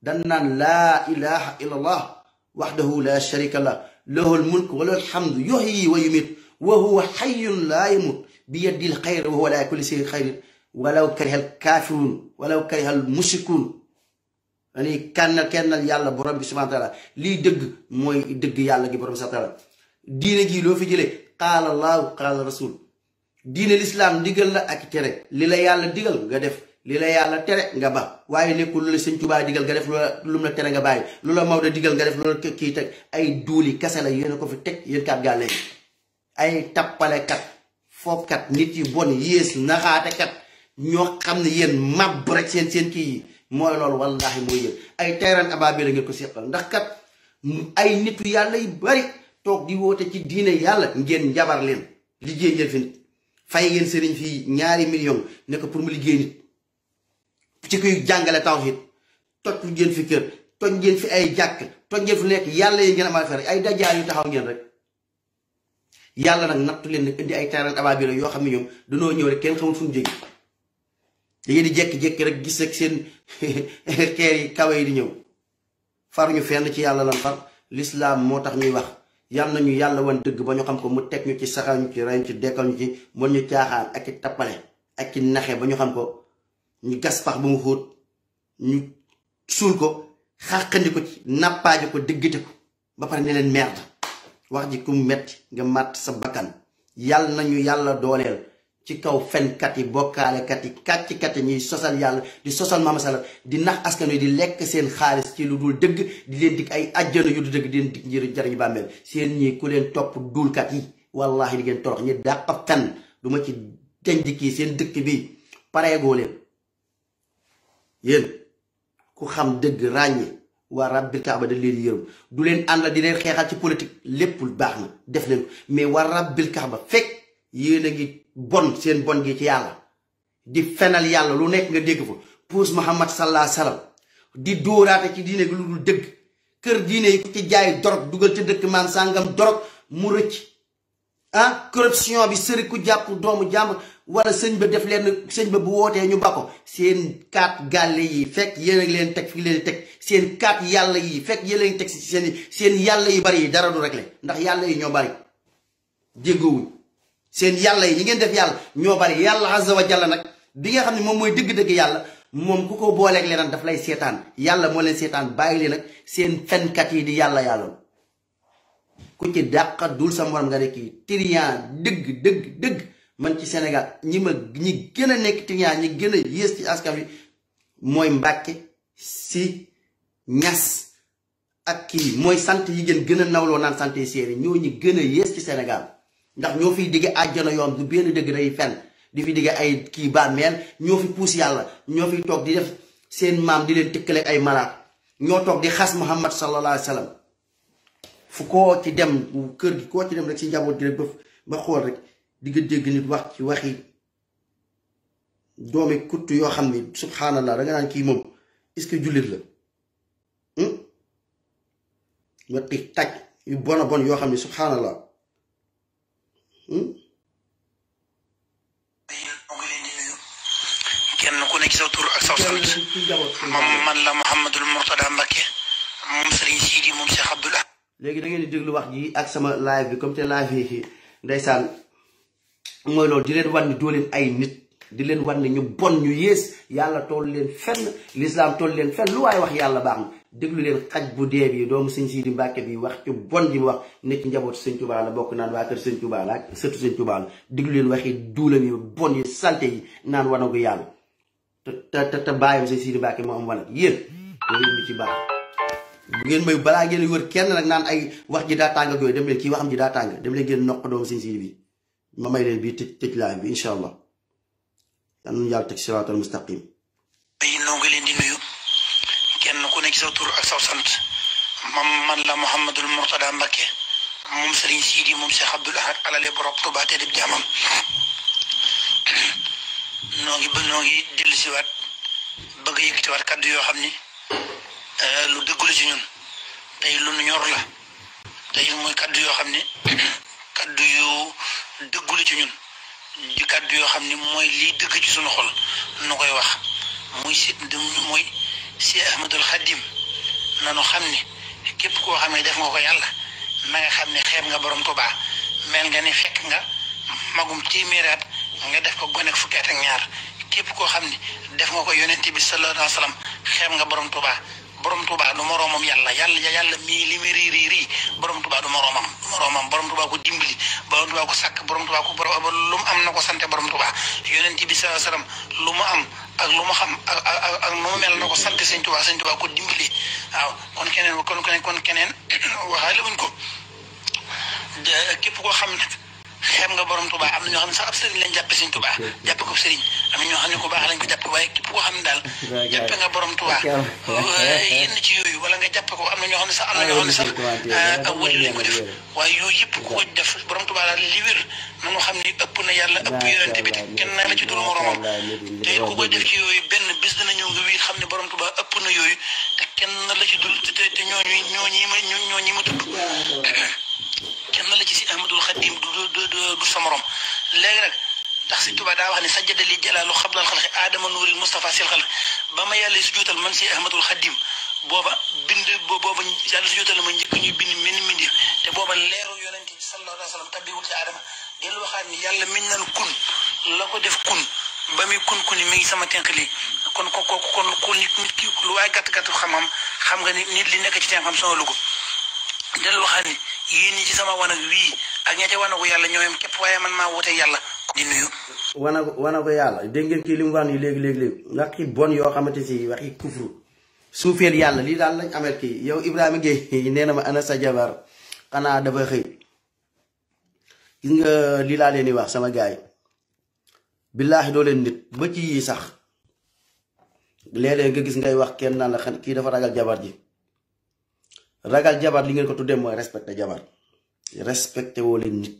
dan naan laa ilaha illallah wahdahu la sharika lah lahul mulk wa lahul hamdu yuhyi wa huwa xayyun laa yamut bi yadil xayr wa huwa laa kulli shay xayrin walaw karihal kaafiruun walaw karihal mushrikuun kennal yàlla borom bi subhaana taala lii dëgg mooy dëgg yàlla gi borom subhaana taala diine gii loo fi jëlee qaala allahu qaala rasul diine lislaam digal la ak tere li la yàlla digal nga def li la yàlla tere nga ba waaye nekkul lu la sëñ Tuubaa digal nga def loola lu mu la tere nga bàyyi lu la Maodo digal nga def loola kii teg ay duuli kase la yéen a ko fi teg yéen kaat ay tappalekat foofkat nit yu bon yées naxaatekat ñoo xam ne yéen màbb rek seen seen kii yi mooy loolu wallaahi mooy yéen ay teeran abaabi la ngeen ko seqal ndax kat ay nitu yàlla yu bari toog di woote ci diine yàlla ngeen njabar leen liggéey ngeen fi nit fay ngeen sëriñ fii ñaari million ne pour mu liggéey nit ci kuy jàngale taw tawhid toj ngeen fi kër toj ngeen fi ay jàkk toj ngeen fi nekk yàlla yi ngeen amal affaire ay dajaar yu taxaw ngeen rek yàlla nag nattu leen nag indi ay taaral abaabila yoo xam ne ñoom dañoo ñëw rek kenn xamul fu mu jóge da ngeen di jékki-jékki rek gis ak seen xeer yi kawe yi di ñëw far ñu fenn ci yàlla lan far lislaam moo tax ñuy wax yal nañu yàlla wan dëgg ba ñu xam ko mu teg ñu ci saxal ñu ci rey ñu ci dekkal ñu ci mën ñu caaxaan ak ci tappale ak ci naxe ba ñu xam ko ñu gas pax ba mu xóot ñu suul ko xàqandi ko ci nappaaje ko diggite ko ba pare ne leen merde wax ji ku metti nga mat sa bakan yal nañu yalla dolel ci kaw fenkat yi yi sosal yalla di sosal mama sala di nax askan di lek seen xaalis ci luddul deug di leen dik ay aljana yu deug di leen dik njëriñ jariñu bammel seen ñii ku leen topp duulkat yi wallahi di gen torox ñi dàq fen duma ci denc seen dekk bi ku xam deug waa rabbil kaaba daf leen yërëm du leen ànd di leen xeexal ci politique lépp lu baax na def leen ko mais waa rabbil kaaba fekk yéen ngi bon seen bon gi ci yàlla di fenal yàlla lu nekk nga dégg fa puus Muhammad sallallahu alayhi di dóoraate ci diine lu dul dëgg kër diine yi ku ci jaay dorog dugal ci dëkk maam sàngam dorog mu rëcc ah corruption bi sëri ku jàpp doomu jàmbur wala sëñ ba def leen sëñ ba bu wootee ñu ba ko seen kaat gàlle yi fekk yéen a ngi leen te fi leen teg seen kat yalla yi fek yéen tek teg si seen seen yàlla bari dara du le ndax yalla yi ño bari déggoowuñ seen yalla yi ñi ngeen def yalla ño bari yalla azza wa jalla nak bi nga xamni mom moy deug deug yalla mom kuko boole ak leen daf lay setan yalla mo leen setan bàyyi leen nag seen kat yi di yalla yalla ku ci daqa dul sa morom nga rek kii deug deug deug man ci senegal ñi ma ñi gëna a nekk ñi gëna a ci askan wi mooy si ñass ak ki moy sante yi gën gën nawlo nan sante séri ñoo ñi gën yes ci Sénégal ndax ñoo fi diggé aljana yoon du bénn dëgg day fenn di fi diggé ay ba mel ñoo fi puus yalla ñoo fi tok di def seen mam di leen ay malaat ñoo tok di khas Muhammad sallallahu alayhi Wasallam, fu ko ci dem kër gi ko ci dem rek ci njaboot gi rek ba ba xool rek di nga dégg nit wax ci waxi doomi kuttu yo xamni subhanallah da nga nan ki mom est-ce que julit la ma tig taj yu bon a bon yoo xam ne subhanallah kenn ku ne ci saw tur ak saw sant moom man la Mouhamadul Mourtada Mbacké moom Serigne Sidi moom Cheikh Abdoulaye léegi da ngeen di déglu wax ji ak sama live bi comme te live yi ndeysaan mooy loolu di leen wan ni doo leen ay nit di leen wan ne ñu bon ñu yées yàlla toll leen fenn lislaam toll leen fenn lu waaye wax yàlla baax na déglu leen xaj bu dee bi doomu sëñ Sidi Mbàkke bi wax ci bon ji mu wax nekk njabootu sëñ Tuubaa la bokk naan waa kër sëñ Tuubaa la ak sëtu sëñ Tuubaa leen waxi duulam yi bon yi salte yi naan wanagu yàlla te te te bàyyam sëñ Mbàkke moo am wanag yéen yooyu ñu ci baax bu ngeen may balaa ngeen wër kenn nag naan ay wax ji daa tàng yooyu dem leen kii waxam ji daa tàng dem leen ngeen noq doomu sëñ Sidi bi ma may leen bii tëj tëj laay bi incha allah. yàlla na yàlla teg زوتور أساسا من لا محمد المرتضى مكة ممسرين سيدي ممسي عبد الأحد على لي بربطو باتي دي بجامم نوغي بنوغي ديل سيوات بغا يكتي وات كادو يو خامني euh لو دغول سي نون تاي لو نيور لا تاي موي كادو يو خامني كادو يو دغول سي نون دي كادو يو خامني موي لي دغ سي سونو خول نوكاي واخ موي سي موي سي احمد الخادم na nanu xam ne képp koo xam ne def nga ko yàlla na nga xam ne xeeb nga borom tubaa mel nga ni fekk nga magum téeméeraat nga def ko gone ak fukki ñaar képp koo xam ne def nga ko yonent bi sallallahu alayhi wa sallam xeeb nga borom tubaa borom tubaa du moroomam yàlla yàlla yàlla mii li muy rii rii borom tubaa du moroomam du moroomam borom tubaa ko dimbali borom tubaa ko sàkk borom tubaa ko lu mu am na ko sante borom tubaa yonent bi sallallahu alayhi wa sallam lu mu am ak lu ma xam ak ak ak nu mel na ko sant sëñ tubaa sëñ tubaa ko dimbali waaw kon keneen kon keneen kon keneen waxaale wuñ ko képp koo xam nag xem nga borom Touba am na ñoo xam ne sax ab sëriñ lañ jàppe sëriñ Touba jàppe ko sëriñ am na ñoo xam ne ko ko jàppe waaye képp koo xam ne daal jàppe nga borom wala nga jàppe ko am na ñoo xam ne sax am na ñoo xam ne sax ab wali ah, lañ ko def waaye yooyu yëpp ku ko def borom Touba daal li wér na nga xam ne ëpp na yàlla ëpp yonente na la yooyu xam ne borom Touba ëpp na yooyu te kenn na la ci dul te te ñooñu ñooñi ma ñooñi ma tudd kenn la ci si ahmadul xadim du du sa morom léegi nag ndax sëñ Tuubaa daa wax ne sajjada li jalaalu xablal xalqi aadama nuuril Mustafa sil xalq ba ma yàlla su jootal man si ahmadul xadim booba bind booba yàlla su jootal ma njëkk ñuy bind min mindi te booba leeru yonent bi sallallahu alayhi wa sallam tabbiwul ci aadama dellu waxaat ni yàlla min nan kun la ko def kun ba muy kun kun mi ngi sama tenk lii kon ko ko kon ku nit nit ki lu waay gàtt gàtt xam-xam xam nga ni nit li nekk ci tenk xam sama lugo dellu waxaat ni yéen ñi ci sama wanag wii ak ña ca wanagu yàlla ñooyam képp waaye man maa wute yàlla di nuyu. wana wana ko yàlla dégg ngeen kii li mu wax nii léegi léegi léegi waxi bon yoo xamante si waxi kufru suufeel yàlla lii daal lañ amel kii yow Ibrahima Gueye nee na ma ana sa jabar xanaa dafa xëy gis nga lii laa leen di wax sama gaay billaahi doo leen nit ba ci sax léeg-léeg nga gis ngay wax kenn naan la kii dafa ragal jabar ji ragal jabar li ngeen ko tuddee mooy respecté jabar respecté wo len nit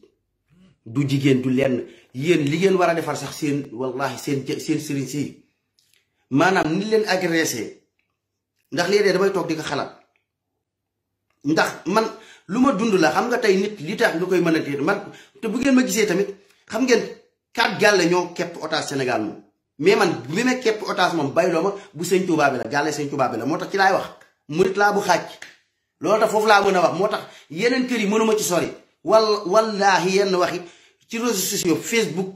du jigen du len yeen li ngeen wara defar sax seen wallahi seen seen serigne ci manam ni len agressé ndax damay tok xalat ndax man luma dund la xam nga tay nit li tax lu koy mën man te bu ngeen ma gisé tamit xam ngeen kat la ñoo kepp otage Sénégal mo mais man bu ma kepp otage mom bayloma bu seigne touba bi la galé seigne touba bi la motax ci lay wax murit la bu xajj loolu tax foofu laa mën a wax moo tax yeneen kër yi mënuma ci sori wal wallaahi yenn waxi ci réseaux sociaux Facebook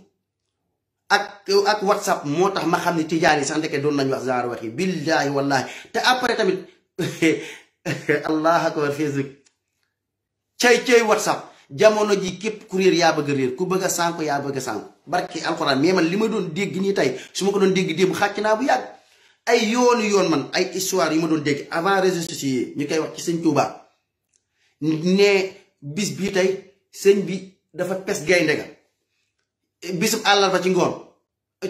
ak ak WhatsApp moo tax ma xam ne tijaan yi sax ndeke doon nañu wax genre waxi billaahi wallaahi te après tamit allah akbar Facebook cey cey WhatsApp jamono ji képp ku réer yaa bëgg a réer ku bëgg a sànku yaa bëgg a sànku barki alxuraan mais li ma doon dégg nii tey su ma ko doon dégg démb xàcc naa bu yàgg ay yoonu yoon man ay histoire yu ma doon dégg avant réseaux sociaux yi ñu koy wax ci sëñ Touba ne bis bii tey sëñ bi dafa pes gaynde ga bisub àllarba ci ngoon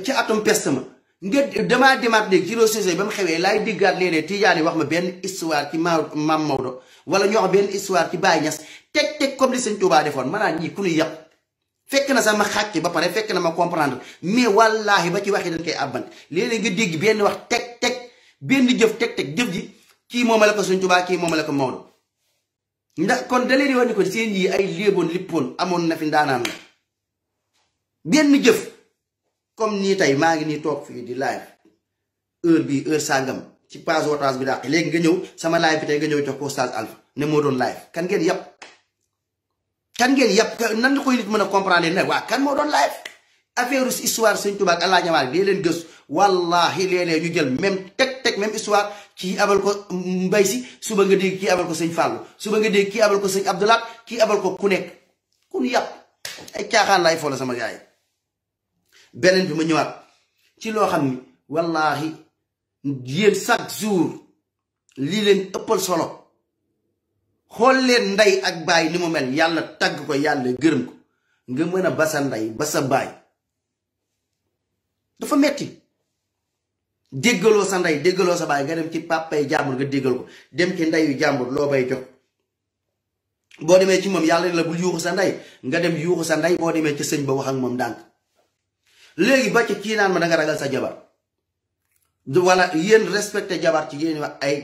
ci atum pes ma nga damaa demaat léegi ci réseaux sociaux yi ba mu xewee laay diggaat léeg-léeg Tijaan yi wax ma benn histoire ci ma maam Maodo wala ñoo wax benn histoire ci Baye Niass teg teg comme li sëñ Touba defoon maanaam ñii ku ñu yàpp fekk na sama xàcc ba pare fekk na ma comprendre mais wallaahi ba ci wax yi dañ koy àbbante léeg-léeg nga dégg benn wax teg teg benn jëf teg teg jëf ji kii moomale ko Sëñ Tuubaa kii moomale ko Maodo ndax kon da leen di wax ni ko seen yii ay léeboon lippoon amoon na fi ndaanaan la benn jëf comme nii tey maa ngi nii toog fii di live heure bi heure sàngam ci page Otage bi daal léegi nga ñëw sama live bi tey nga ñëw jox ko Oustaz Alpha ne moo doon live kan ngeen yàpp kan ngeen yàpp nan la koy nit mën a comprender ne waa kan moo doon live affaire histoire sëñ Tuubaa ak allah ñamaal dee leen gëstu wallahi léeg-léeg ñu jël même teg teg même histoire kii abal ko mbay si suba nga dégg kii abal ko sëñ Fallou suba nga dégg kii abal ko sëñ Abdoulaat kii abal ko ku nekk ku nu yàpp ay caaxaan laay foola sama gars yi beneen bi ma ñëwaat ci loo xam ni wallahi yéen chaque jour lii leen ëppal solo xool leen ndey ak baay li mu mel yàlla tagg ko yàlla gërëm ko nga mën a ba sa ndey ba sa baay dafa metti déggaloo sa ndey déggaloo sa baay nga dem ci pàppay jàmbur nga déggal ko ci ndeyu jàmbur loo bay jot boo demee ci moom yàlla la bul yuuxu sa ndey nga dem yuuxu sa ndey boo demee ci sëñ ba wax ak moom ndànk léegi ba ci kii naan ma da nga ragal sa jabar wala yéen respecté jabar ci yéen wax ay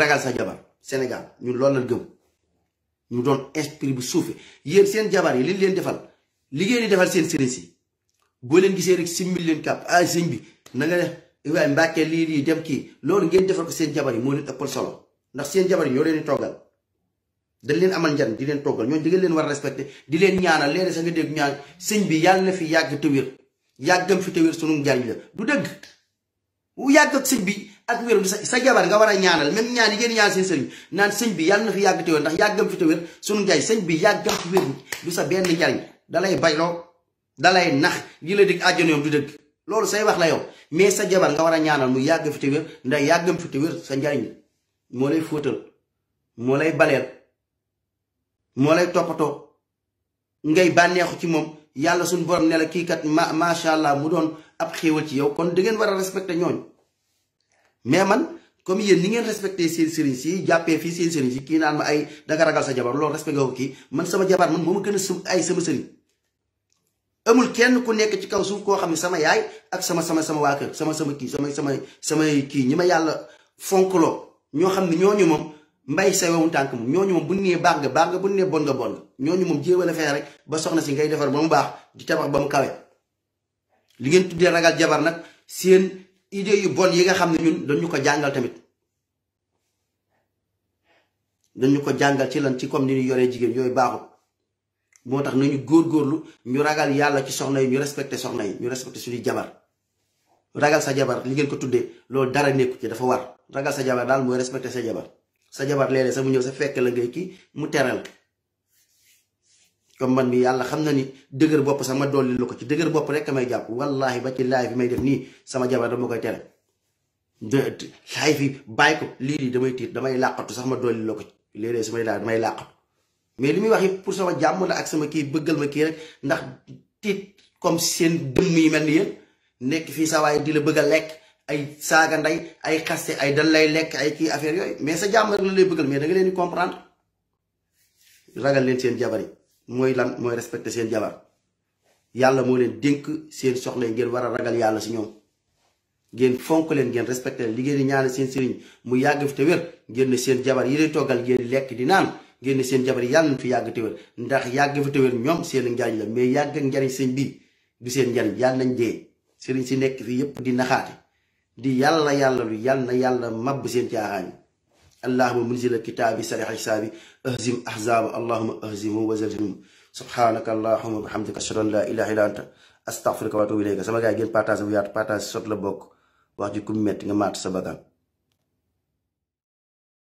ragal sa jabar Sénégal ñun loolu la gëm ñu doon esprit bu suufe yéen seen jabar yi liñ leen defal liggéey di defal seen sëriñ yi boo leen gisee rek simmi leen kàpp ay sëñ bi na nga def waaye mbàkkee lii lii dem kii loolu ngeen defal ko seen jabar yi moo leen ëppal solo ndax seen jabar yi ñoo leen di toggal dañ leen amal njariñ di leen toggal ñoo di ngeen leen war a respecté di leen ñaanal léeg sax nga dégg ñaan sëñ bi yàlla na fi yàgg tëwér yàggam fi tëwér sunu njariñ la du dëgg wu yàgg ak bi ak wér sa sa jabar nga war a ñaanal même ñaan yi ngeen ñaan seen sëriñ naan sëñ bi yàlla na fi yàgg te wér ndax yàggam fi te wér suñu njaay sëñ bi yàggam fi wér sa benn njariñ dalay bayloo dalay nax gi la dig àjjana dëgg loolu say wax la yow mais sa jabar nga war a ñaanal mu yàgg fi te wér ndax yàggam fi sa njariñ moo lay fóotal moo lay baleel moo lay toppatoo ngay bànneexu ci moom yàlla suñu borom ne la kii kat ma macha allah mu doon ab xéewal ci yow kon da ngeen war a respecté ñooñ mais man comme yeen ni ngeen respecter seen serigne ci jappé fi seen serigne ci ki naan ma ay nga ragal sa jabar lo respecté nga ko man sama jabar man moma gëna gën ay sama serigne amul kenn ku nekk ci kaw suuf ko xamni sama yaay ak sama sama sama waa sama sama ki sama sama sama ki ñima yalla fonklo ño xamni xam ne ñooñu moom mbay sa tank mom moom ñooñu moom bu ne bag bag bu ne bon nga bon nga ñooñu rek ba soxna ci ngay défar ba mu baax di tabax ba mu kawe li ngeen tuddé ragal jabar nak seen idée yu bon yi nga xam ne ñun dañu ko jàngal tamit dañu ko jàngal ci lan ci comme ni ñu yoree jigéen yooyu baaxul moo tax nañu góorlu ñu ragal yàlla ci soxna yi ñu respecté soxna yi ñu respecté suñuy jabar ragal sa jabar li ngeen ko tuddee loolu dara nekku ci dafa war ragal sa jabar daal mooy respecté sa jabar sa jabar léeg-léeg mu ñëw sa fekk la ngay kii mu teral comme man yàlla xam na ni dëgër bopp sama dolli ko ci dëgër bopp rek may jàpp wallahi ba ci laay fi may def nii sama jabar dama koy tere laay fi bàyyi ko lii di damay tiit damay làqatu sax ma dolli lu ko ci léeg-léeg su may laaj damay mais li muy wax yëpp pour sama jàmm ak sama kii bëggal ma kii ndax tiit comme seen dëmm yi mel ni yéen nekk fii saa waaye di la bëgg a lekk ay saaga ndey ay xaste ay dal lay lekk ay kii affaire yooyu mais sa jàmm rek la lay bëggal mais danga leen di comprendre ragal leen seen jabar yi mooy lan mooy respecter seen jabar yàlla moo leen dénk seen soxna yi ngeen war a ragal yàlla si ñoom ngeen fonk leen ngeen respecté leen li ngeen di ñaanal seen sëriñ mu yàgg fi te ngeen ne seen jabar yi lay toggal ngeen lekk di naan ngeen ne jabar yàlla fi yàgg ndax yàgg fi te ñoom seen njariñ la mais yàgg njariñ seen bii du seen njariñ yàlla nañ dee sëriñ si nekk fi yépp di naxaate di yàlla yàlla lu yàlla na yàlla mabb seen caaxaan اللهم منزل الكتاب سريع حسابي اهزم احزاب اللهم اهزمه وزلزلهم سبحانك اللهم وبحمدك اشهد ان لا اله الا انت استغفرك واتوب اليك sama gaay ngeen بارتاج bu بارتاج partage sot la bokk wax ji ku metti nga maat sa bagan